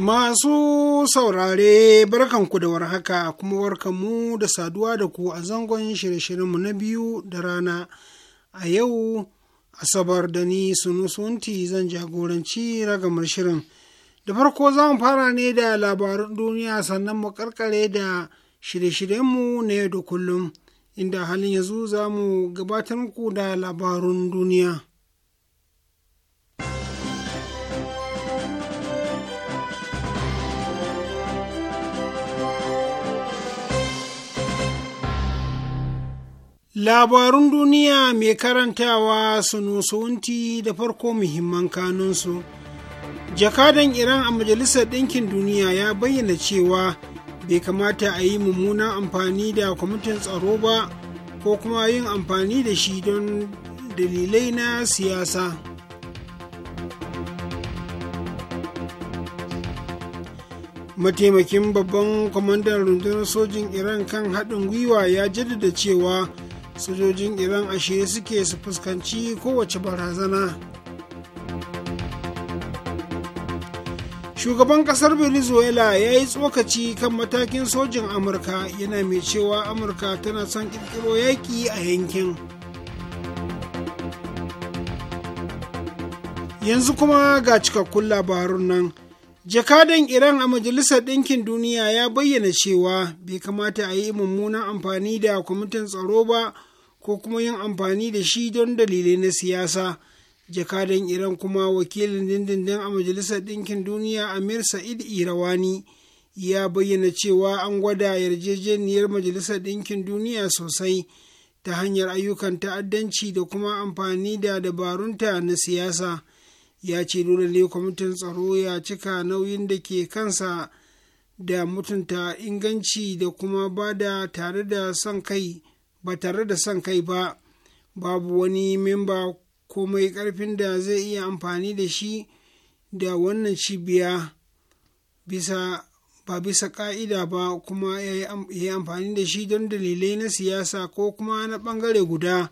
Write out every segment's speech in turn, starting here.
Masu saurare barkanku da warhaka kuma mu da saduwa da ku a zangon shirye-shiryenmu na biyu da rana a yau Asabar da ni Sunti zan jagoranci ragamar shirin. Da farko za mu fara ne da labarun duniya sannan mu karkare da shirye-shiryenmu na yau da kullum inda halin yanzu za mu gabatar muku da labarun duniya. Labarun duniya mai karantawa sunusunti da farko muhimman kanunsu. Jakadan Iran a Majalisar Ɗinkin Duniya ya bayyana cewa bai kamata a yi mummunan amfani da kwamitin tsaro ba ko kuma yin amfani da shi don dalilai na siyasa. Mataimakin babban kwamandan rundunar sojin Iran kan haɗin gwiwa ya jaddada cewa sojojin iran a suke su fuskanci kowace barazana shugaban kasar venezuela ya yi tsokaci kan matakin sojin amurka yana mai cewa amurka tana son kirkiro yaƙi a yankin yanzu kuma ga cikakkun labarun nan jakadan iran a majalisar ɗinkin duniya ya bayyana cewa bai kamata a yi mummunan amfani da kwamitin tsaro ba ko kuma yin amfani da shi don dalilai na siyasa jakadan iran kuma wakilin dindindin a majalisar ɗinkin duniya amir sa'id irawani ya bayyana cewa an gwada yarjejeniyar majalisar ɗinkin duniya sosai ta hanyar ayyukan ta'addanci da kuma amfani da dabarunta na siyasa ya ce dole ne kwamitin tsaro ya cika nauyin da ke kansa da mutunta inganci da kuma ba da tare da son kai ba tare da son kai ba babu wani memba komai ƙarfin da zai iya amfani da shi da wannan cibiya bisa ba bisa ƙa'ida ba kuma ya yi amfani da shi don dalilai na siyasa ko kuma na bangare guda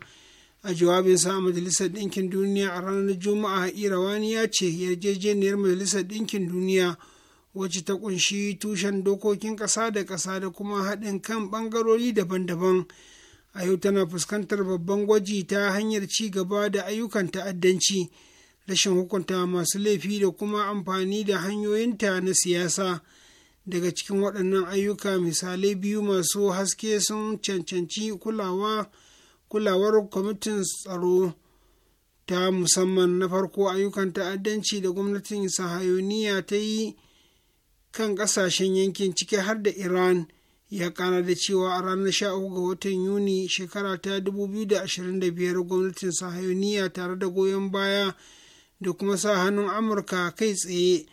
a jawabinsa a majalisar ɗinkin duniya a ranar juma'a irawani ya ce yarjejeniyar majalisar ɗinkin duniya wacce ta kunshi tushen dokokin ƙasa da ƙasa da kuma haɗin kan ɓangarori daban-daban a yau tana fuskantar babban gwaji ta hanyar ci gaba da ayyukan ta'addanci rashin hukunta masu laifi da kuma amfani da hanyoyinta na siyasa daga cikin waɗannan ayyuka misalai biyu masu haske sun cancanci kulawa kulawar kwamitin tsaro ta musamman na farko ayyukan ta'addanci da gwamnatin sahayoniya ta yi kan ƙasashen yankin ciki har da iran ya kana da cewa a ranar sha ga watan yuni shekara ta 2025 gwamnatin sahayuniya tare da goyon baya da kuma sa hannun amurka kai tsaye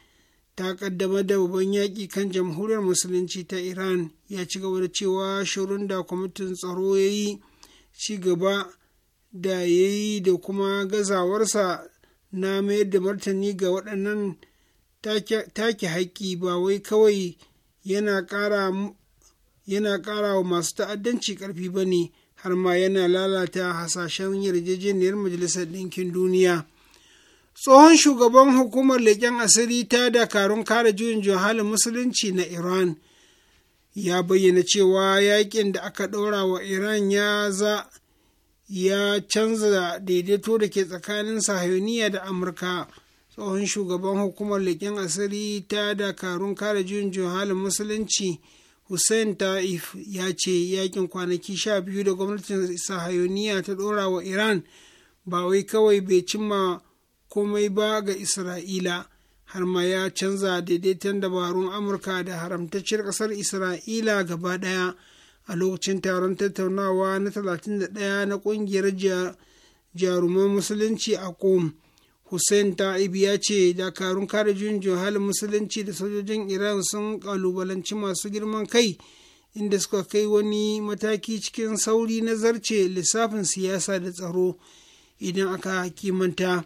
ta kaddama da babban yaƙi kan jamhuriyar musulunci ta iran ya ci gaba da cewa shirin da kwamitin tsaro ya yi ci gaba da ya yi da kuma gazawarsa na mayar da martani ga waɗannan take haƙƙi ba wai kawai yana ƙara yana ƙara wa masu ta'addanci ƙarfi ba ne har ma yana lalata hasashen yarjejeniyar majalisar ɗinkin duniya tsohon shugaban hukumar leƙen asiri ta dakarun kare juyin halin musulunci na iran ya bayyana cewa yakin da aka ɗora wa iran ya za ya canza daidaito da ke tsakanin sahiyoniya da amurka tsohon shugaban hukumar leƙen asiri ta dakarun kare juyin halin musulunci Hussein Taif ya ce yakin kwanaki sha biyu da gwamnatin sahayoniya ta ɗora wa Iran ba wai kawai bai cimma komai ba ga Isra'ila har ma ya canza daidaiton dabarun Amurka da haramtacciyar ƙasar Isra'ila gaba ɗaya a lokacin taron tattaunawa na 31 na ƙungiyar jaruman musulunci a Qom. Hussein Ta'ib ya ce dakarun kare junjo halin musulunci da sojojin Iran sun kalubalanci masu girman kai inda suka kai wani mataki cikin sauri na zarce lissafin siyasa da tsaro idan aka kimanta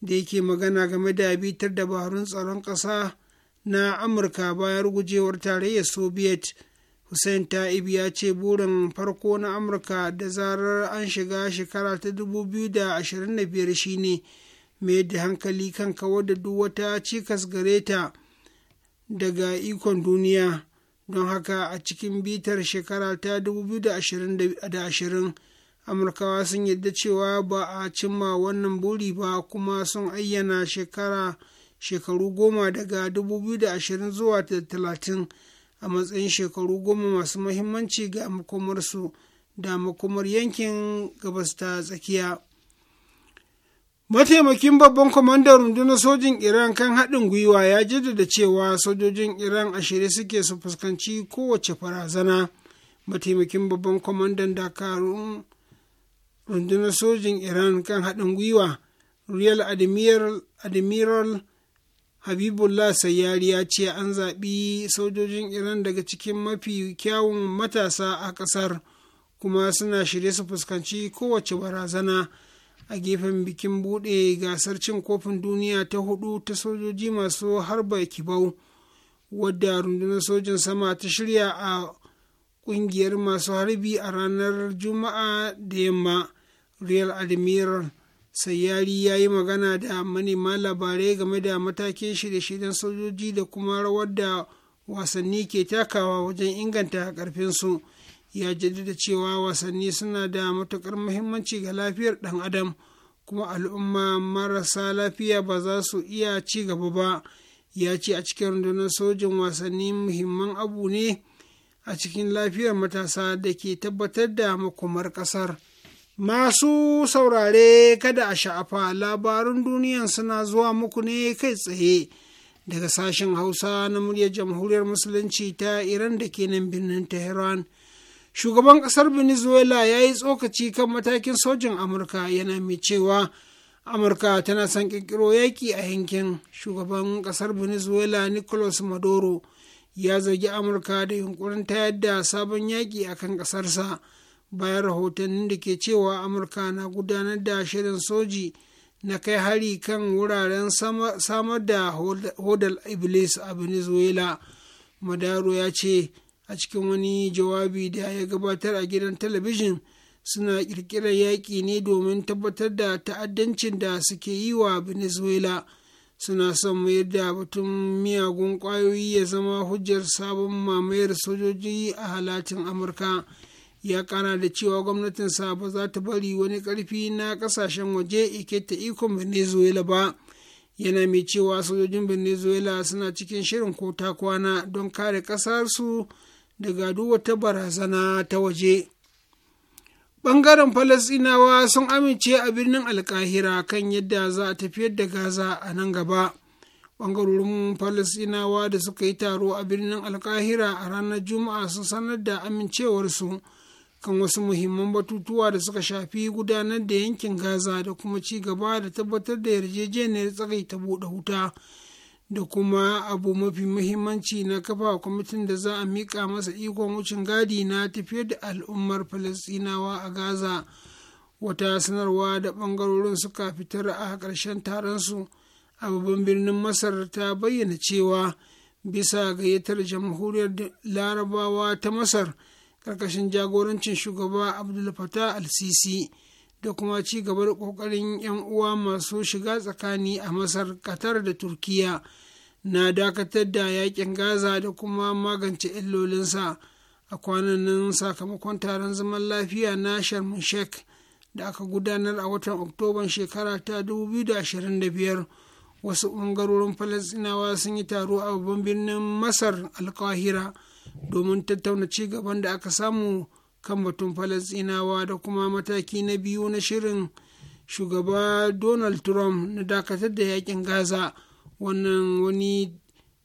da yake magana game da bitar dabarun tsaron ƙasa na Amurka bayan gujewar tarayyar Soviet. Hussein Ta'ib ya ce burin farko na Amurka da zarar an shiga shekara ta 2025 shine ne. mai da hankali kan kawar da duk wata cikas gare ta daga ikon duniya don haka a cikin bitar shekara ta 2020 amurkawa sun yadda cewa ba a cimma wannan buri ba kuma sun ayyana shekara shekaru goma daga 2020 zuwa 30 a matsayin shekaru goma masu mahimmanci ga makomarsu da makomar yankin gabasta tsakiya. mataimakin babban kwamandan rundunar sojin iran kan haɗin gwiwa ya jaddada cewa sojojin iran a shirye suke su fuskanci kowace farazana mataimakin babban kwamandan dakarun rundunar sojin iran kan haɗin gwiwa royal admiral, habibullah sayari ya ce an zaɓi sojojin iran daga cikin mafi kyawun matasa a ƙasar kuma suna shirye su fuskanci kowace barazana. a gefen bikin buɗe gasar cin kofin duniya ta hudu ta sojoji masu harba kibau wadda rundunar sojin sama ta shirya a ƙungiyar masu harbi a ranar juma'a da yamma real admiral sayari ya yi magana da manema labarai game da matakin shirye-shiryen sojoji da kuma rawar da wasanni ke takawa wajen inganta ƙarfinsu. ya jaddada cewa wasanni suna da matuƙar muhimmanci ga lafiyar ɗan adam kuma al'umma marasa lafiya ba za su iya ci gaba ba ya ce a cikin rundunar sojin wasanni muhimman abu ne a cikin lafiyar matasa da ke tabbatar da makomar ƙasar masu saurare kada a sha'afa labarun duniyan suna zuwa muku ne kai tsaye daga sashen hausa na muryar jamhuriyar musulunci ta iran da ke nan birnin tehran shugaban ƙasar venezuela ya yi tsokaci kan matakin sojin amurka yana mai cewa amurka tana son ƙirƙiro yaƙi a yankin shugaban ƙasar venezuela nicolas maduro ya zargi amurka da yunkurin ta yadda sabon yaƙi a kan ƙasarsa bayan rahotannin da ke cewa amurka na gudanar da shirin soji na kai hari kan wuraren samar da hodal iblis a venezuela madaro ya ce a cikin wani jawabi da ya gabatar a gidan talabijin suna ƙirƙirar yaƙi ne domin tabbatar da ta'addancin da suke yi wa venezuela suna son mayar da batun miyagun ƙwayoyi ya zama hujjar sabon mamayar sojoji a halatin amurka ya kana da cewa gwamnatin ba za ta bari wani ƙarfi na ƙasashen waje ike ta ikon venezuela ba yana mai cewa sojojin venezuela suna cikin shirin kota kwana don kare ƙasarsu daga wata barazana ta waje ɓangaren falasɗinawa sun amince a birnin alkahira kan yadda za a tafiyar da gaza a nan gaba bangarorin falasɗinawa da suka yi taro a birnin alkahira a ranar juma'a sun sanar da amincewarsu kan wasu muhimman batutuwa da suka shafi gudanar da yankin gaza da kuma ci gaba da tabbatar da yarjejeniyar tsagaita buɗe wuta da kuma abu mafi muhimmanci na kafa kwamitin da za a miƙa masa ikon wucin gadi na tafiyar da al'ummar falasinawa a gaza wata sanarwa da ɓangarorin suka fitar a ƙarshen taronsu a babban birnin masar ta bayyana cewa bisa gayyatar jamhuriyar larabawa ta masar ƙarƙashin jagorancin shugaba abdul al-sisi da kuma ci gaba da kokarin 'yan uwa masu shiga tsakani a masar qatar da turkiya na dakatar da yakin gaza da kuma magance illolinsa a kwanan nan sakamakon taron zaman lafiya na sharmushek da aka gudanar a watan oktoban shekara ta 2025 wasu ɓangarorin falasinawa sun yi taro a babban birnin masar alkahira domin tattauna ci gaban da aka samu kan batun falasinawa da kuma mataki na biyu na shirin shugaba donald trump na dakatar da yakin gaza wannan wani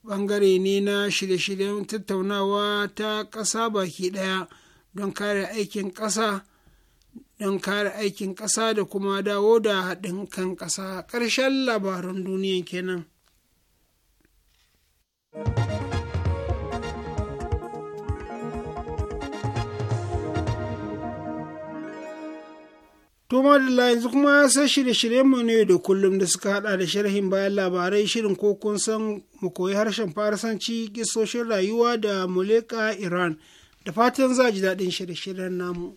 bangare ne na shirye-shiryen tattaunawa ta ƙasa baki ɗaya don kare aikin ƙasa don kare aikin ƙasa da kuma dawo da haɗin kan ƙasa ƙarshen labaran duniya kenan. To madalla yanzu kuma sai shirye-shiryen mu ne da kullum da suka hada da sharhin bayan labarai shirin ko kun san mu koyi harshen farasanci gisoshin rayuwa da muleka Iran da fatan za ji daɗin shirye-shiryen namu.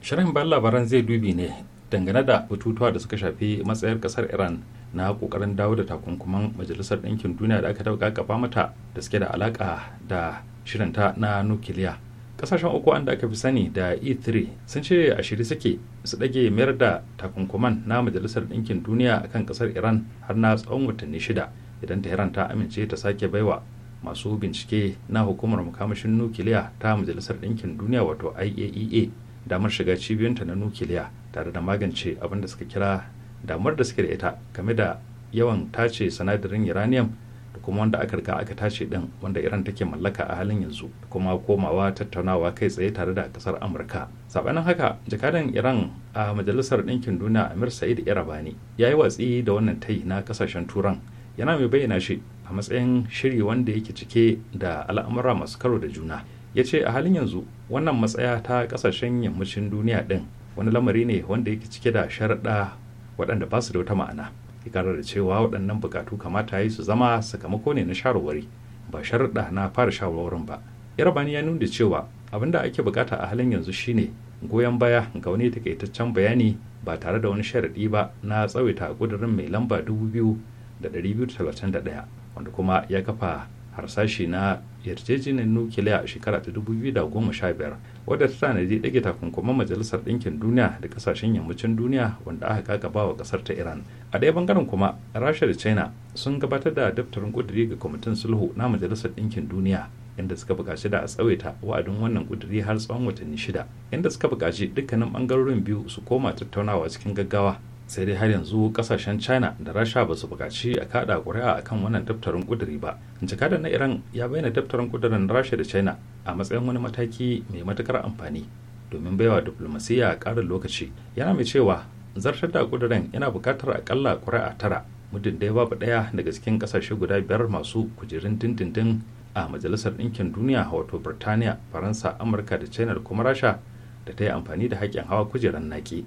Sharhin bayan labaran zai dubi ne dangane da batutuwa da suka shafi matsayar ƙasar Iran na kokarin dawo da takunkuman majalisar ɗinkin duniya da aka tauka kafa mata da suke da alaka da shirinta na nukiliya kasashen uku da aka fi sani da e3 sun ce a shiri suke su ɗage mayar da takunkuman na majalisar ɗinkin duniya a kan ƙasar iran har na tsawon watanni shida idan tehran ta amince ta sake baiwa masu bincike na hukumar makamashin nukiliya ta majalisar ɗinkin duniya wato iaea e damar shiga cibiyunta na nukiliya tare da magance abin da suka kira damar da suke da ita game da yawan tace sinadarin uranium da kuma wanda aka riga aka tace din wanda iran take mallaka a halin yanzu kuma komawa tattaunawa kai tsaye tare da kasar amurka sabanin haka jakadan iran a majalisar ɗinkin duniya amir sa'id irabani ya yi watsi da wannan tayi na kasashen turan yana mai bayyana shi a matsayin shiri wanda yake cike da al'amura masu karo da juna ya ce a halin yanzu wannan matsaya ta kasashen yammacin duniya din wani lamari ne wanda yake cike da sharaɗa waɗanda ba su da wata ma'ana ya da cewa waɗannan bukatu kamata ya yi su zama sakamako ne na shawarwari ba sharuɗa na fara shawarwarin ba yarabani ya nuna cewa abin da ake bukata a halin yanzu shine goyon baya ga wani takaitaccen bayani ba tare da wani sharaɗi ba na tsawaita ƙudurin mai lamba 2231 wanda kuma ya kafa harsashi na yarjejeniyar nukiliya a shekara ta da goma sha biyar. wadda ta tanadi ɗage takunkuman majalisar ɗinkin duniya da ƙasashen yammacin duniya wanda aka kakaba wa ƙasar ta iran a ɗaya bangaren kuma rasha da china sun gabatar da daftarin ƙuduri ga kwamitin sulhu na majalisar ɗinkin duniya inda suka buƙaci da a tsawaita wa'adin wannan ƙuduri har tsawon watanni shida inda suka buƙaci dukkanin ɓangarorin biyu su koma tattaunawa cikin gaggawa sai dai har yanzu kasashen china da rasha ba su bukaci a kada kuri'a kan wannan daftarin kuduri ba jakadar na iran ya bayyana daftarin ƙudurin rasha da china a matsayin wani mataki mai matukar amfani domin baiwa diplomasiya karin lokaci yana mai cewa zartar da kudurin yana bukatar akalla kuri'a tara muddin dai babu ɗaya daga cikin ƙasashe guda biyar masu kujerun dindindin a majalisar ɗinkin duniya wato birtaniya faransa amurka da china da kuma rasha da ta yi amfani da haƙƙin hawa kujerar naki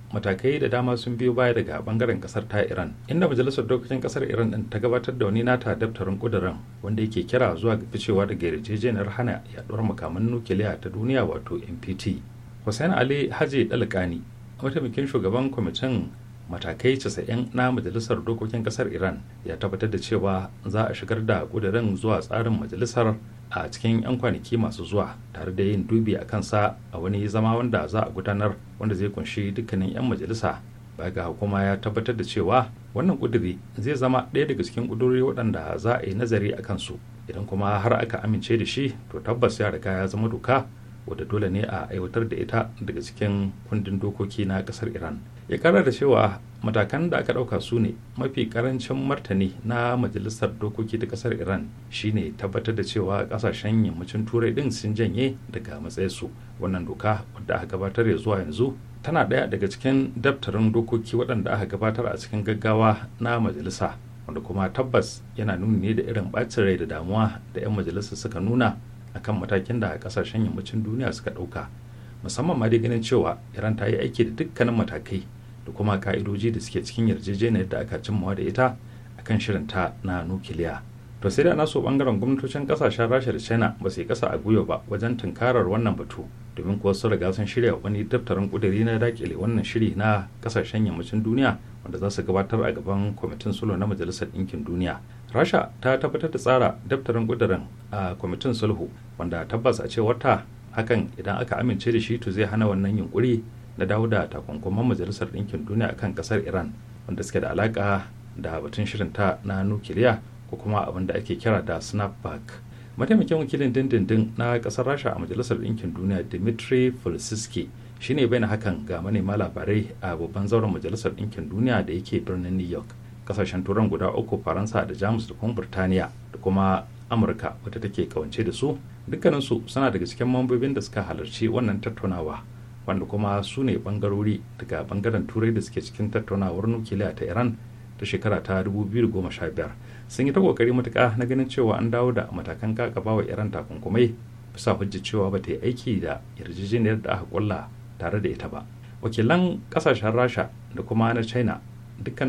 matakai da dama sun biyo baya daga bangaren kasar ta iran inda majalisar dokokin kasar iran din ta gabatar da wani nata daftarin kudirin wanda yake kira zuwa ga ficewa daga yarjejeniyar hana yaduwar makaman nukiliya ta duniya wato npt hussein ali haji dalkani mataimakin shugaban kwamitin matakai 90 na majalisar dokokin kasar iran ya tabbatar da cewa za a shigar da kudirin zuwa tsarin majalisar a cikin 'yan kwanaki masu zuwa tare da yin dubi a kansa a wani zama wanda za a gudanar wanda zai kunshi dukkanin 'yan majalisa baya ga hukuma ya tabbatar da cewa wannan ƙuduri zai zama ɗaya daga cikin ƙuduri waɗanda za a yi nazari a kansu idan kuma har aka amince da shi to tabbas ya riga ya zama doka wadda dole ne a aiwatar da ita daga cikin kundin dokoki na kasar iran ya kara da cewa matakan da aka ɗauka su ne mafi karancin martani na majalisar dokoki ta kasar iran shine tabbatar da cewa kasashen yammacin turai din sun janye daga matsayinsu wannan doka wadda aka gabatar ya zuwa yanzu tana daya daga cikin daftarin dokoki waɗanda aka gabatar a cikin gaggawa na majalisa wanda kuma tabbas yana nuni ne da irin bacin rai da damuwa da 'yan majalisar suka nuna akan matakin da kasashen yammacin duniya suka ɗauka musamman ma dai ganin cewa iran ta yi aiki da dukkanin matakai da kuma ka'idoji da suke cikin yarjejeniyar da aka cimmawa da ita akan shirin ta na nukiliya to sai da naso bangaren gwamnatocin kasashen rasha da china ba su yi kasa a gwiwa ba wajen tunkarar wannan batu domin kuwa sun riga sun shirya wani daftarin kudiri na dakile wannan shiri na kasashen yammacin duniya wanda za su gabatar a gaban kwamitin sulhu na majalisar ɗinkin duniya rasha ta tabbatar da tsara daftarin kudirin a kwamitin sulhu wanda tabbas a cewar ta hakan idan aka amince da shi to zai hana wannan yunkuri na dawo da takunkuman majalisar ɗinkin duniya kan kasar iran wanda suke da alaka da batun shirin ta na nukiliya ko kuma abin da ake kira da snapback mataimakin wakilin dindindin na kasar rasha a majalisar ɗinkin duniya dimitri fulsiski shine bayan hakan ga manema labarai a babban zauren majalisar ɗinkin duniya da yake birnin new york kasashen turan guda uku faransa da jamus da kuma burtaniya da kuma amurka wata take kawance da su dukkaninsu suna daga cikin mambobin da suka halarci wannan tattaunawa wanda kuma su ne bangarori daga bangaren turai da suke cikin tattaunawar nukiliya ta iran ta shekara ta 2015 sun yi ta kokari matuka na ganin cewa an dawo da matakan gaba wa iran takunkumai bisa hujji cewa ba ta yi aiki da yarjejeniyar da aka kulla tare da ita ba wakilan kasashen rasha da kuma na china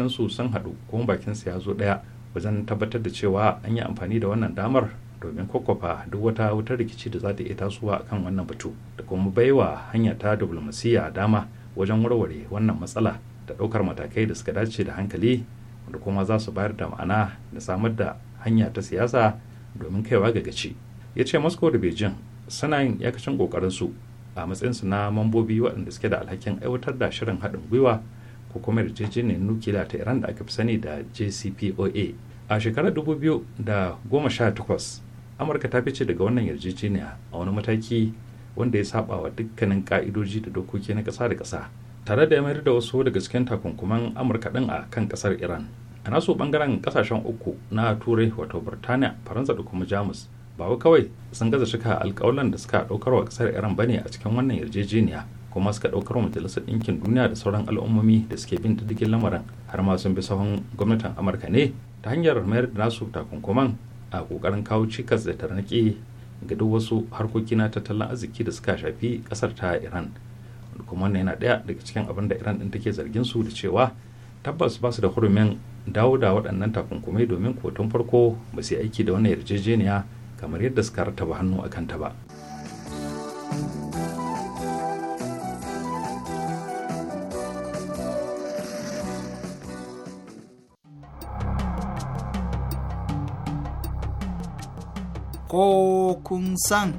su sun haɗu kuma su ya zo ɗaya wajen tabbatar da cewa an yi amfani da wannan damar domin kwakwafa duk wata wutar rikici da za ta iya tasowa akan wannan batu da kuma baiwa hanya ta diplomasiya dama wajen warware wannan matsala da ɗaukar matakai da suka dace da hankali da kuma za su bayar da ma'ana da samar da hanya ta siyasa domin kaiwa ga gaci ya ce moscow da beijing suna yin yakacin su a matsayin su na mambobi waɗanda suke da alhakin aiwatar da shirin haɗin gwiwa ko kuma yarjejeniyar nukiliya ta iran da aka fi sani da jcpoa a shekarar 2018 amurka ta fice daga wannan yarjejeniya a wani mataki wanda ya saba wa dukkanin ka'idoji da dokoki na ƙasa da ƙasa tare da ya mayar da wasu daga cikin takunkuman amurka ɗin a kan ƙasar iran a naso bangaren kasashen uku na turai wato birtaniya faransa da kuma jamus ba wai kawai sun gaza shika alkawalan da suka daukar wa kasar iran bane a cikin wannan yarjejeniya kuma suka daukar majalisar ɗinkin duniya da sauran al'ummomi da suke bin diddigin lamarin har ma sun bi sahun gwamnatin amurka ne ta hanyar mayar da nasu takunkuman a kokarin kawo cikas da tarnaƙi ga duk wasu harkoki na tattalin arziki da suka shafi kasar ta iran kuma wannan yana ɗaya daga cikin abin da iran ɗin take zargin su da cewa tabbas ba su da hurumin dawo da waɗannan takunkumai domin kotun farko ba su yi aiki da wannan yarjejeniya kamar yadda suka rataba hannu a kanta ba. Ko kun san.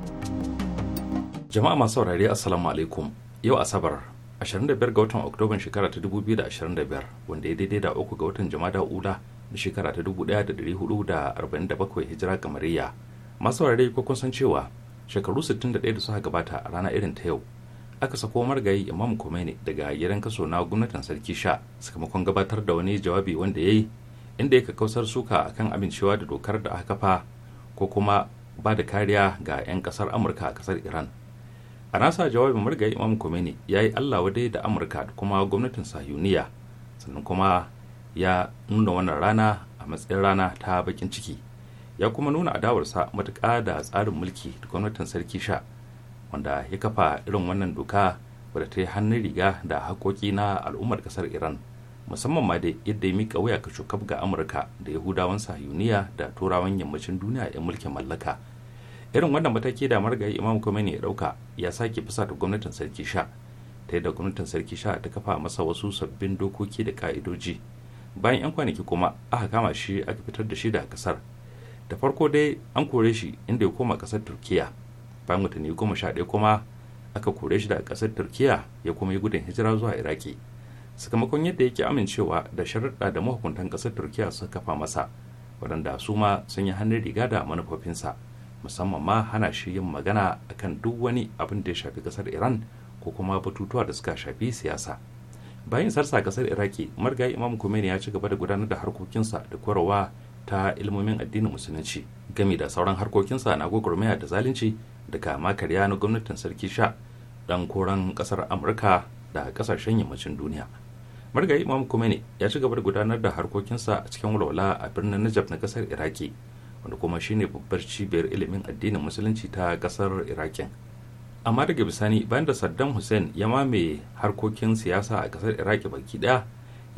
Jama'a masu saurare Assalamu alaikum, yau Asabar 25 ga watan oktoban shekara ta 2025 wanda ya daidai da uku ga watan jama'a ula na shekara ta 1447 hijira kamariya masu wurare ko kun san cewa shekaru 61 da suka gabata a rana irin ta yau aka sako margayi imam Khomeini daga gidan kaso na gwamnatin sarki sha sakamakon gabatar da wani jawabi wanda ya yi inda ya kausar suka akan amincewa da dokar da aka kafa ko kuma ba da kariya ga 'yan kasar amurka a kasar iran a nasa jawabin murga imam kumeni ya yi allah wadai da amurka da kuma gwamnatin sahuniya sannan kuma ya nuna wannan rana a matsayin rana ta bakin ciki ya kuma nuna adawarsa matuƙa da tsarin mulki da gwamnatin sarki sha wanda ya kafa irin wannan doka wadda ta yi hannun riga da haƙoƙi na al'ummar ƙasar iran musamman ma da yadda ya mika wuya ka cokab ga amurka da yahudawan sahuniya da turawan yammacin duniya 'yan mulkin mallaka irin wannan mataki da margayi imam Khomeini ya dauka ya sake da gwamnatin sarki sha ta da gwamnatin sarki sha ta kafa masa wasu sabbin dokoki da ka'idoji bayan 'yan kwanaki kuma aka kama shi aka fitar da shi daga kasar da farko dai an kore shi inda ya koma kasar turkiya bayan watanni goma sha ɗaya kuma aka kore shi daga kasar turkiya ya kuma yi gudun hijira zuwa iraki sakamakon yadda yake amincewa da sharaɗa da mahukuntan kasar turkiya suka kafa masa waɗanda su ma sun yi hannun riga da manufofinsa musamman ma hana shi yin magana akan duk wani abin da ya shafi kasar iran ko kuma batutuwa da suka shafi siyasa bayan sarsa kasar iraki marga imam kumeni ya ci gaba da gudanar da harkokinsa da korowa ta ilmomin addinin musulunci gami da sauran harkokinsa na gwagwarmaya da zalunci daga makarya na gwamnatin sarki sha dan koran kasar amurka da kasashen yammacin duniya marga imam kumeni ya ci gaba da gudanar da harkokinsa a cikin walwala a birnin najaf na kasar iraki wanda kuma shine babbar cibiyar ilimin addinin musulunci ta kasar iraqin amma daga bisani bayan da saddam hussein ya mamaye harkokin siyasa a kasar iraki baki daya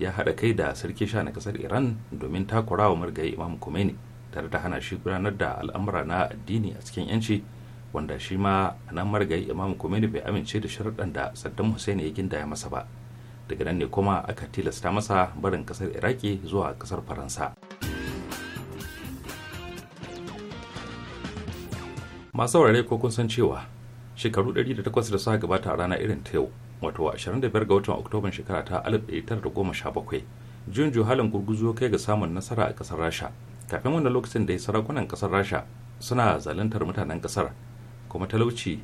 ya hada kai da sarki sha na kasar iran domin takura wa margayi imam khomeini tare da hana shi gudanar da al'amura na addini a cikin yanci wanda shi ma nan margayi imam khomeini bai amince da sharuɗan da saddam hussein ya gindaya masa ba daga nan ne kuma aka tilasta masa barin kasar iraki zuwa kasar faransa masu saurare ko kun san cewa shekaru 108 da suka gabata a rana irin ta yau wato 25 ga watan oktoban shekara ta 1917 jin juhalin gurguzo kai ga samun nasara a kasar rasha kafin wannan lokacin da ya sarakunan kasar rasha suna zalantar mutanen kasar kuma talauci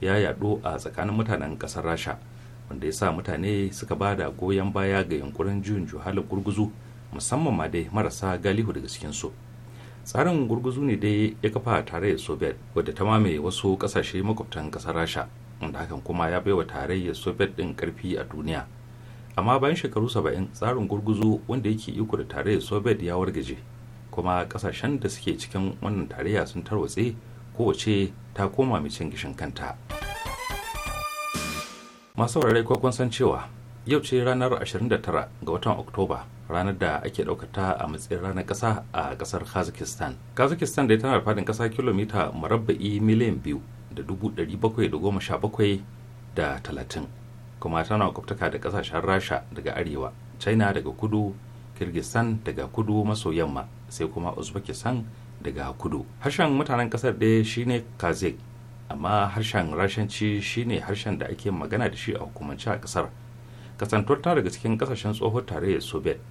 ya yaɗo a tsakanin mutanen kasar rasha wanda ya sa mutane suka ba da goyon baya ga yunkurin juyin juhalin gurguzu musamman ma dai marasa galihu daga cikinsu tsarin gurguzu ne dai ya kafa tarayyar soviet wadda ta mamaye wasu kasashe makwabtan kasar rasha wanda hakan kuma ya baiwa tarayyar soviet din karfi a duniya amma bayan shekaru saba'in tsarin gurguzu wanda yake iko da tarayyar soviet ya wargaje kuma kasashen da suke cikin wannan tarayya sun tarwatse kowace ta koma mai cin gishin kanta masu ko kun san cewa yau ce ranar 29 ga watan oktoba ranar da ake ɗaukata a matsayin ranar ƙasa a ƙasar kazakistan kazakistan dai tana da faɗin ƙasa kilomita marabba'i miliyan biyu da dubu ɗari bakwai da goma sha bakwai da talatin kuma tana kwaftaka da ƙasashen rasha daga arewa china daga kudu kirgistan daga kudu maso yamma sai kuma uzbekistan daga kudu harshen mutanen ƙasar ɗaya shine kazakh amma harshen rashanci shine harshen da ake magana da shi a hukumance a ƙasar kasantuwar daga cikin kasashen tsohon tarayyar soviet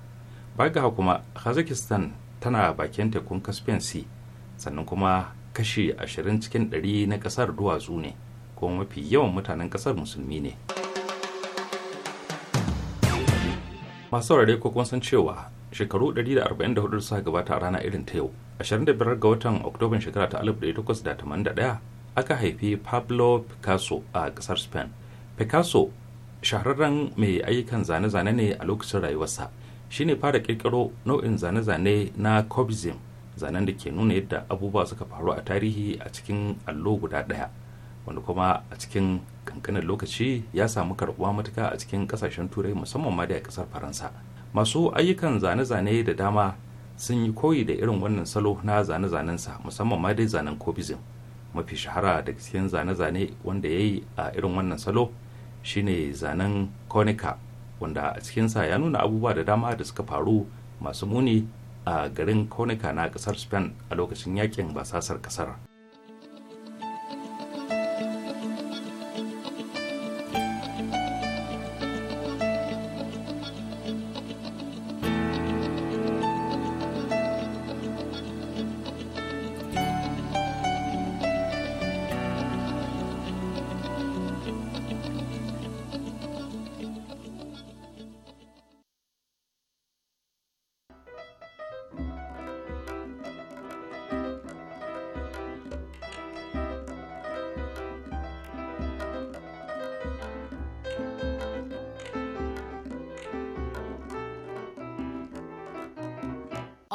baga kuma kazakistan tana bakin tekun caspian sea sannan kuma kashi 20 cikin 100 na kasar duwatsu ne kuma mafi yawan mutanen kasar musulmi ne masu saurare ko kun san cewa shekaru 144 suka gabata a rana irin ta yau 25 ga watan oktoban shekara ta 1881 aka haifi pablo picasso a kasar spain picasso shahararren mai ayyukan zane-zane ne a lokacin rayuwarsa shine fara kirkiro nau'in zane-zane na cubism zanen da ke nuna yadda abubuwa suka faru a tarihi a cikin allo guda ɗaya wanda kuma a cikin kankanin lokaci ya samu karɓuwa matuka a cikin kasashen turai musamman ma da kasar faransa masu ayyukan zane-zane da dama sun yi koyi da irin wannan salo na zane-zanensa musamman ma dai zanen cubism mafi shahara da cikin zane-zane wanda ya yi a irin wannan salo shine zanen konika wanda a cikinsa ya nuna abubuwa da dama da suka faru masu muni a garin konika na kasar spain a lokacin yakin basasar kasar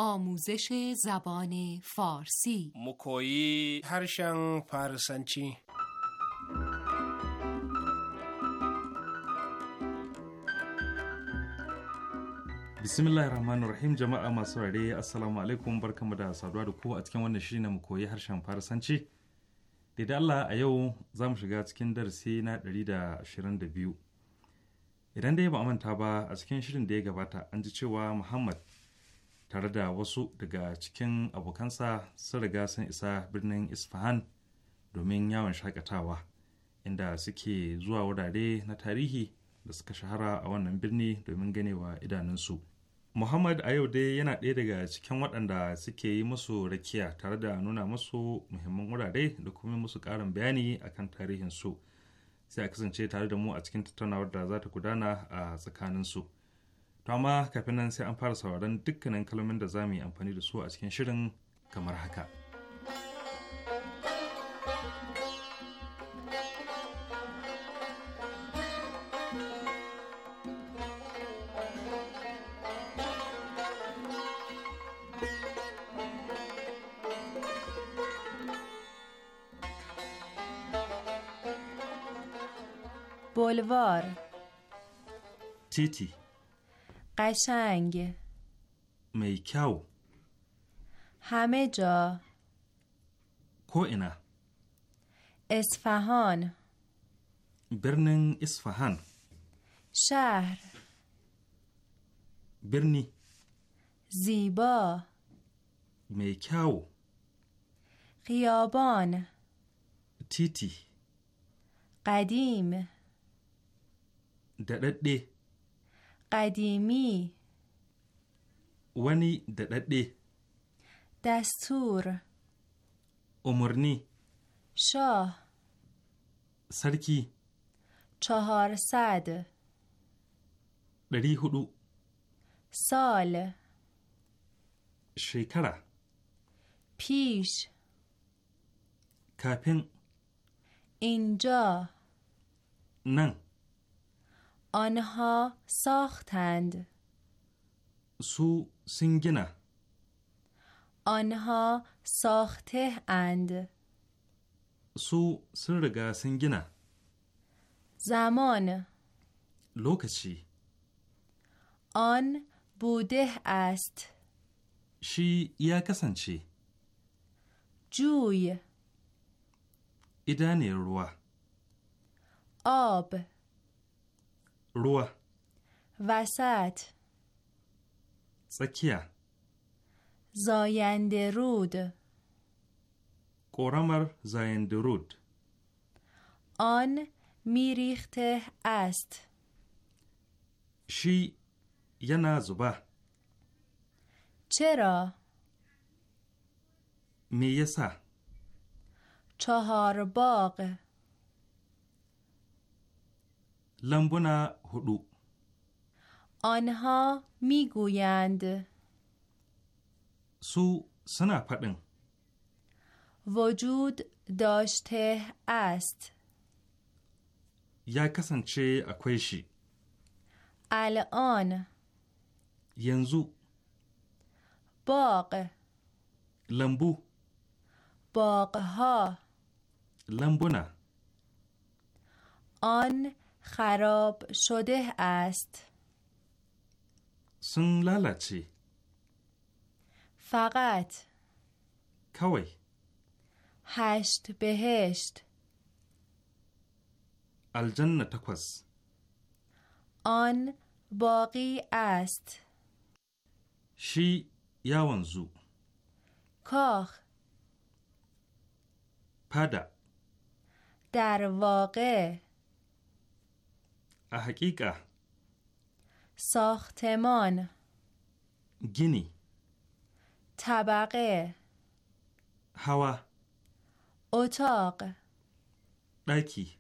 آموزش زبان فارسی مکویی هرشن فارسنچی bismillahir rahmanir rahim jama'a masu rare assalamu alaikum barkamu da saduwa da kowa a cikin wannan shiri na mu koyi harshen farasanci da Allah a yau za mu shiga cikin darasi na 122 idan dai ba a manta ba a cikin shirin da ya gabata an ji cewa muhammad tare da wasu daga cikin abokansa sun riga sun isa birnin isfahan domin yawon shakatawa inda suke zuwa wurare na tarihi da suka shahara a wannan birni domin ganewa idanunsu muhammad a yau dai yana ɗaya daga cikin waɗanda suke yi musu rakiya tare da nuna musu muhimman wurare da kuma musu ƙarin bayani akan tarihinsu sai a kasance tare da mu a cikin tattaunawar da za ta gudana a tsakaninsu. To amma kafin nan sai an fara sauraron dukkanin kalmomin da za mu yi amfani da su a cikin shirin kamar haka. bolivar. titi. قشنگ میکاو همه جا کوئنا اصفهان برنن اصفهان شهر برنی زیبا میکاو خیابان تیتی قدیم دردی قدیمی ونی ددده دستور امرنی شاه سرکی چهارصد دری هدو سال شکره پیش کپن اینجا نن آنها ساختند سو سینگنه آنها ساخته اند سو سرگا سینگنه زمان لوکچی آن بوده است شی یا کسنچی جوی ایدانی روه آب روه وسط سکیه زاینده رود کورمر زاینده رود آن میریخته است شی یه نازبه چرا؟ میسه چهار باغ لمبونا هدو آنها میگویند سو سنا پدن وجود داشته است یا کسنچه اکویشی الان ینزو باغ لمبو باغها لمبونا آن خراب شده است سن چی؟ فقط کوی هشت بهشت الجنه تکوز آن باقی است شی یاونزو کاخ پدا در واقع احقیقه ساختمان گینی طبقه هوا اتاق دکی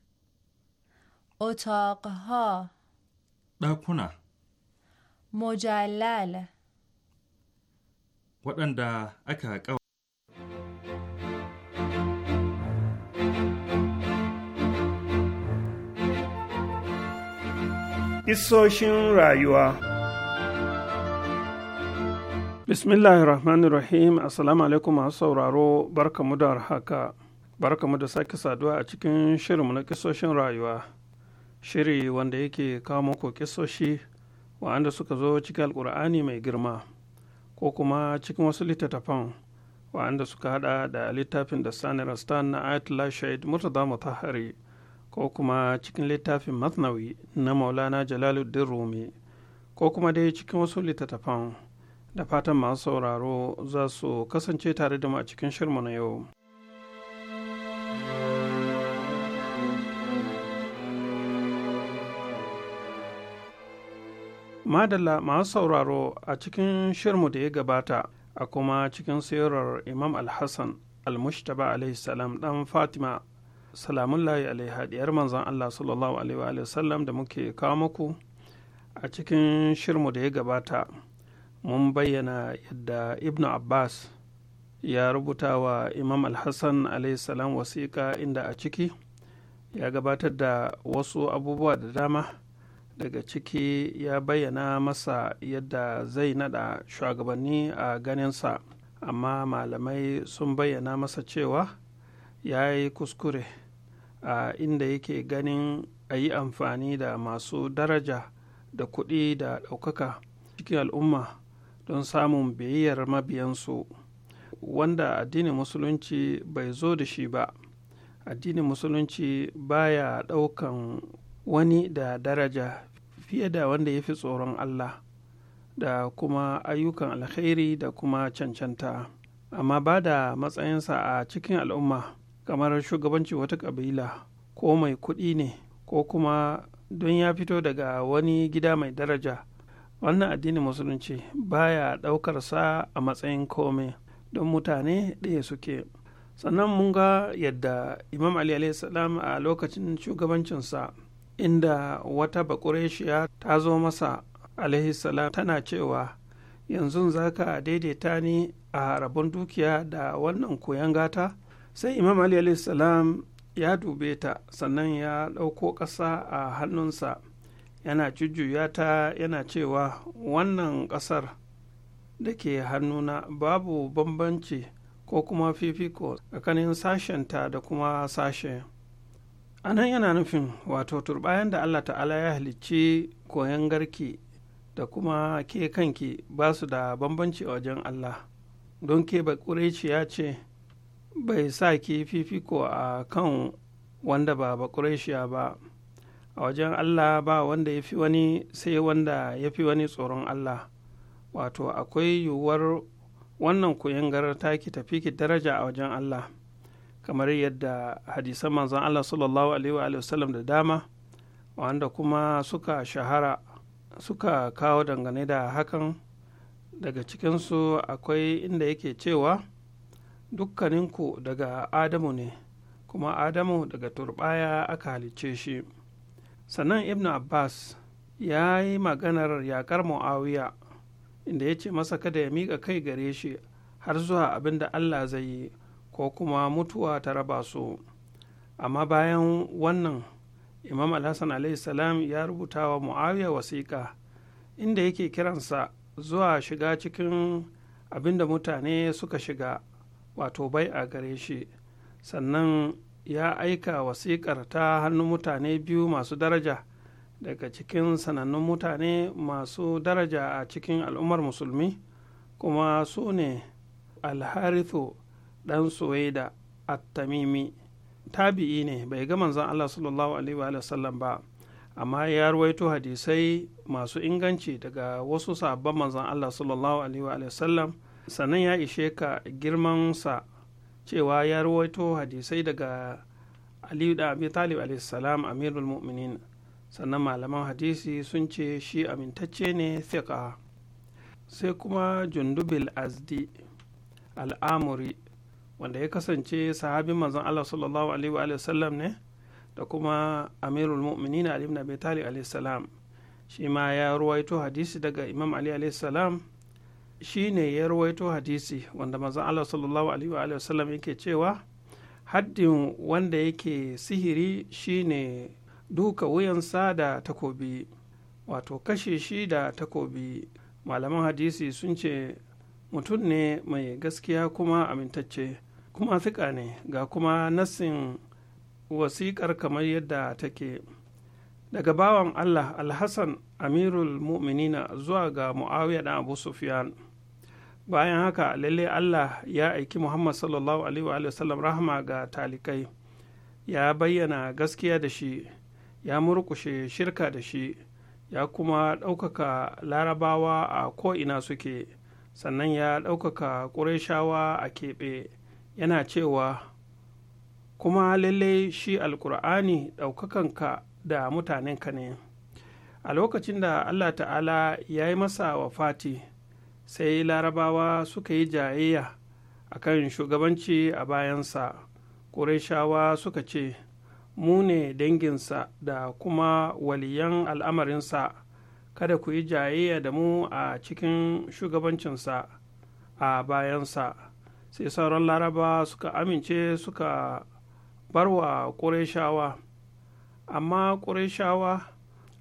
اتاق ها دکونه مجلل waɗanda aka Isoshin rayuwa Bismillahirrahmanirrahim Assalamu alaikum masu sauraro barkamu da haka barkamu da sake saduwa a cikin shirinmu na kisoshin rayuwa shiri wanda yake kawo muku kisoshi wa'anda suka zo cikin alkur'ani mai girma ko kuma cikin wasu littattafan wa'anda suka hada da littafin da stanley rastan na ayatollah shahid murtaza mutahari ko kuma cikin littafin masnawi na maulana jalaluddin rumi ko kuma dai cikin wasu littattafan da fatan masu sauraro za su kasance tare da mu a cikin shirmu na yau madalla masu sauraro a cikin shirmu da ya gabata a kuma cikin sayarar imam alhassan almushtaba alaihi salam dan fatima salamullahi alaiha diyar manzon Allah sallallahu alaihi wa sallam da muke kawo muku a cikin shirmu da ya gabata mun bayyana yadda ibn Abbas ya rubuta wa Imam Al-Hassan alaihi salam wasiƙa inda a ciki ya gabatar da wasu abubuwa da dama daga ciki ya bayyana masa yadda zai nada shugabanni a ganinsa amma malamai sun bayyana masa cewa ya yi kuskure a inda yake ganin a yi amfani da masu daraja da kuɗi da ɗaukaka cikin al'umma don samun biyayyar mabiyansu wanda addinin musulunci bai zo da shi ba addinin musulunci baya ɗaukan wani da daraja fiye da wanda ya fi tsoron allah da kuma ayyukan alkhairi da kuma cancanta amma ba da matsayinsa a cikin al'umma kamar shugabanci wata kabila ko mai kuɗi ne ko kuma don ya fito daga wani gida mai daraja wannan addinin musulunci baya sa a matsayin kome don mutane ɗaya suke sannan mun ga yadda imam ali salam a lokacin shugabancinsa inda wata bakureshiya ta zo masa salam tana cewa yanzu za ka daidaita ni a rabon dukiya da wannan koyan gata sai imam ali salam ya dube ta sannan ya ɗauko ƙasa a hannunsa yana jujjuya ta yana cewa wannan ƙasar da ke hannuna babu bambanci ko kuma fifiko tsakanin sashen ta da kuma sashe a nan yana nufin wato turbayan da allah ta'ala ya halicci koyon garki da kuma ke kanki ba su da bambanci wajen allah don ke ba ce bai sa ki fifiko a kan wanda ba bakureshiya ba a wajen allah ba wanda ya fi wani sai wanda ya fi wani tsoron allah wato akwai yiwuwar wannan kuyangar ki tafi ki daraja a wajen allah kamar yadda hadisan manzon allah sallallahu alaihi wasallam da dama wanda kuma suka shahara suka kawo dangane da hakan daga cikinsu akwai inda yake cewa dukkaninku daga adamu ne kuma adamu daga turbaya aka halicce shi sannan ibn abbas ya yi maganar yakar muawiya inda ya ce masa kada ya miƙa kai gare shi har zuwa abin da allah zai yi ko kuma mutuwa ta raba su amma bayan wannan imam alhassan salam ya rubuta wa muawiya wasiƙa inda yake kiransa zuwa shiga cikin abin da mutane suka shiga wato bai a gare shi sannan ya aika wasiƙar ta hannun mutane biyu masu daraja daga cikin sanannun mutane masu daraja a cikin al'ummar musulmi kuma su ne alharithu ɗan suwaida at-tamimi tabi'i ne bai ga manzon Allah sallallahu alaihi wa sallam ba amma ya ruwaito hadisai masu inganci daga wasu sabbin manzon Allah sallallahu alaihi wa sallam sannan ya ishe ka girmansa cewa ya ruwaito hadisai daga aliyu da abi talib alaihissalam amirul mu'minin sannan malaman hadisi sun ce shi amintacce ne fiqa sai kuma jundubil azdi al'amuri wanda ya kasance sahabin manzon allah sallallahu alaihi wa sallam ne da kuma amirul mu'minin ali ibn abi talib salam shi ma ya ruwaito hadisi daga imam ali salam. shi ne ya rawaito hadisi wanda manzon Allah sallallahu alaihi wa wasallam yake cewa haddin wanda yake sihiri shine duka wuyansa da takobi wato kashe shi da takobi malaman hadisi sun ce mutum ne mai gaskiya kuma amintacce kuma fika ne ga kuma nassin wasiƙar kamar yadda take daga bawan allah alhassan amirul mu'minina zuwa ga muawiya dan abu sufyan bayan haka lalle allah ya aiki muhammad sallallahu alaihi wasallam rahama ga talikai ya bayyana gaskiya da shi ya murkushe shirka da shi ya kuma ɗaukaka larabawa a ko'ina suke sannan ya ɗaukaka ƙureshawa a keɓe yana cewa kuma lalle shi alkur'ani ɗaukakanka da mutanenka ne a lokacin da allah ta'ala ya yi masa wa wafati sai larabawa suka yi jayayya a kan shugabanci a bayansa ƙurashawa suka ce mu ne danginsa da kuma waliyan al'amarinsa kada ku yi jayayya da mu a cikin shugabancinsa a bayansa sai sauran laraba suka amince suka barwa ƙurashawa amma ƙurashawa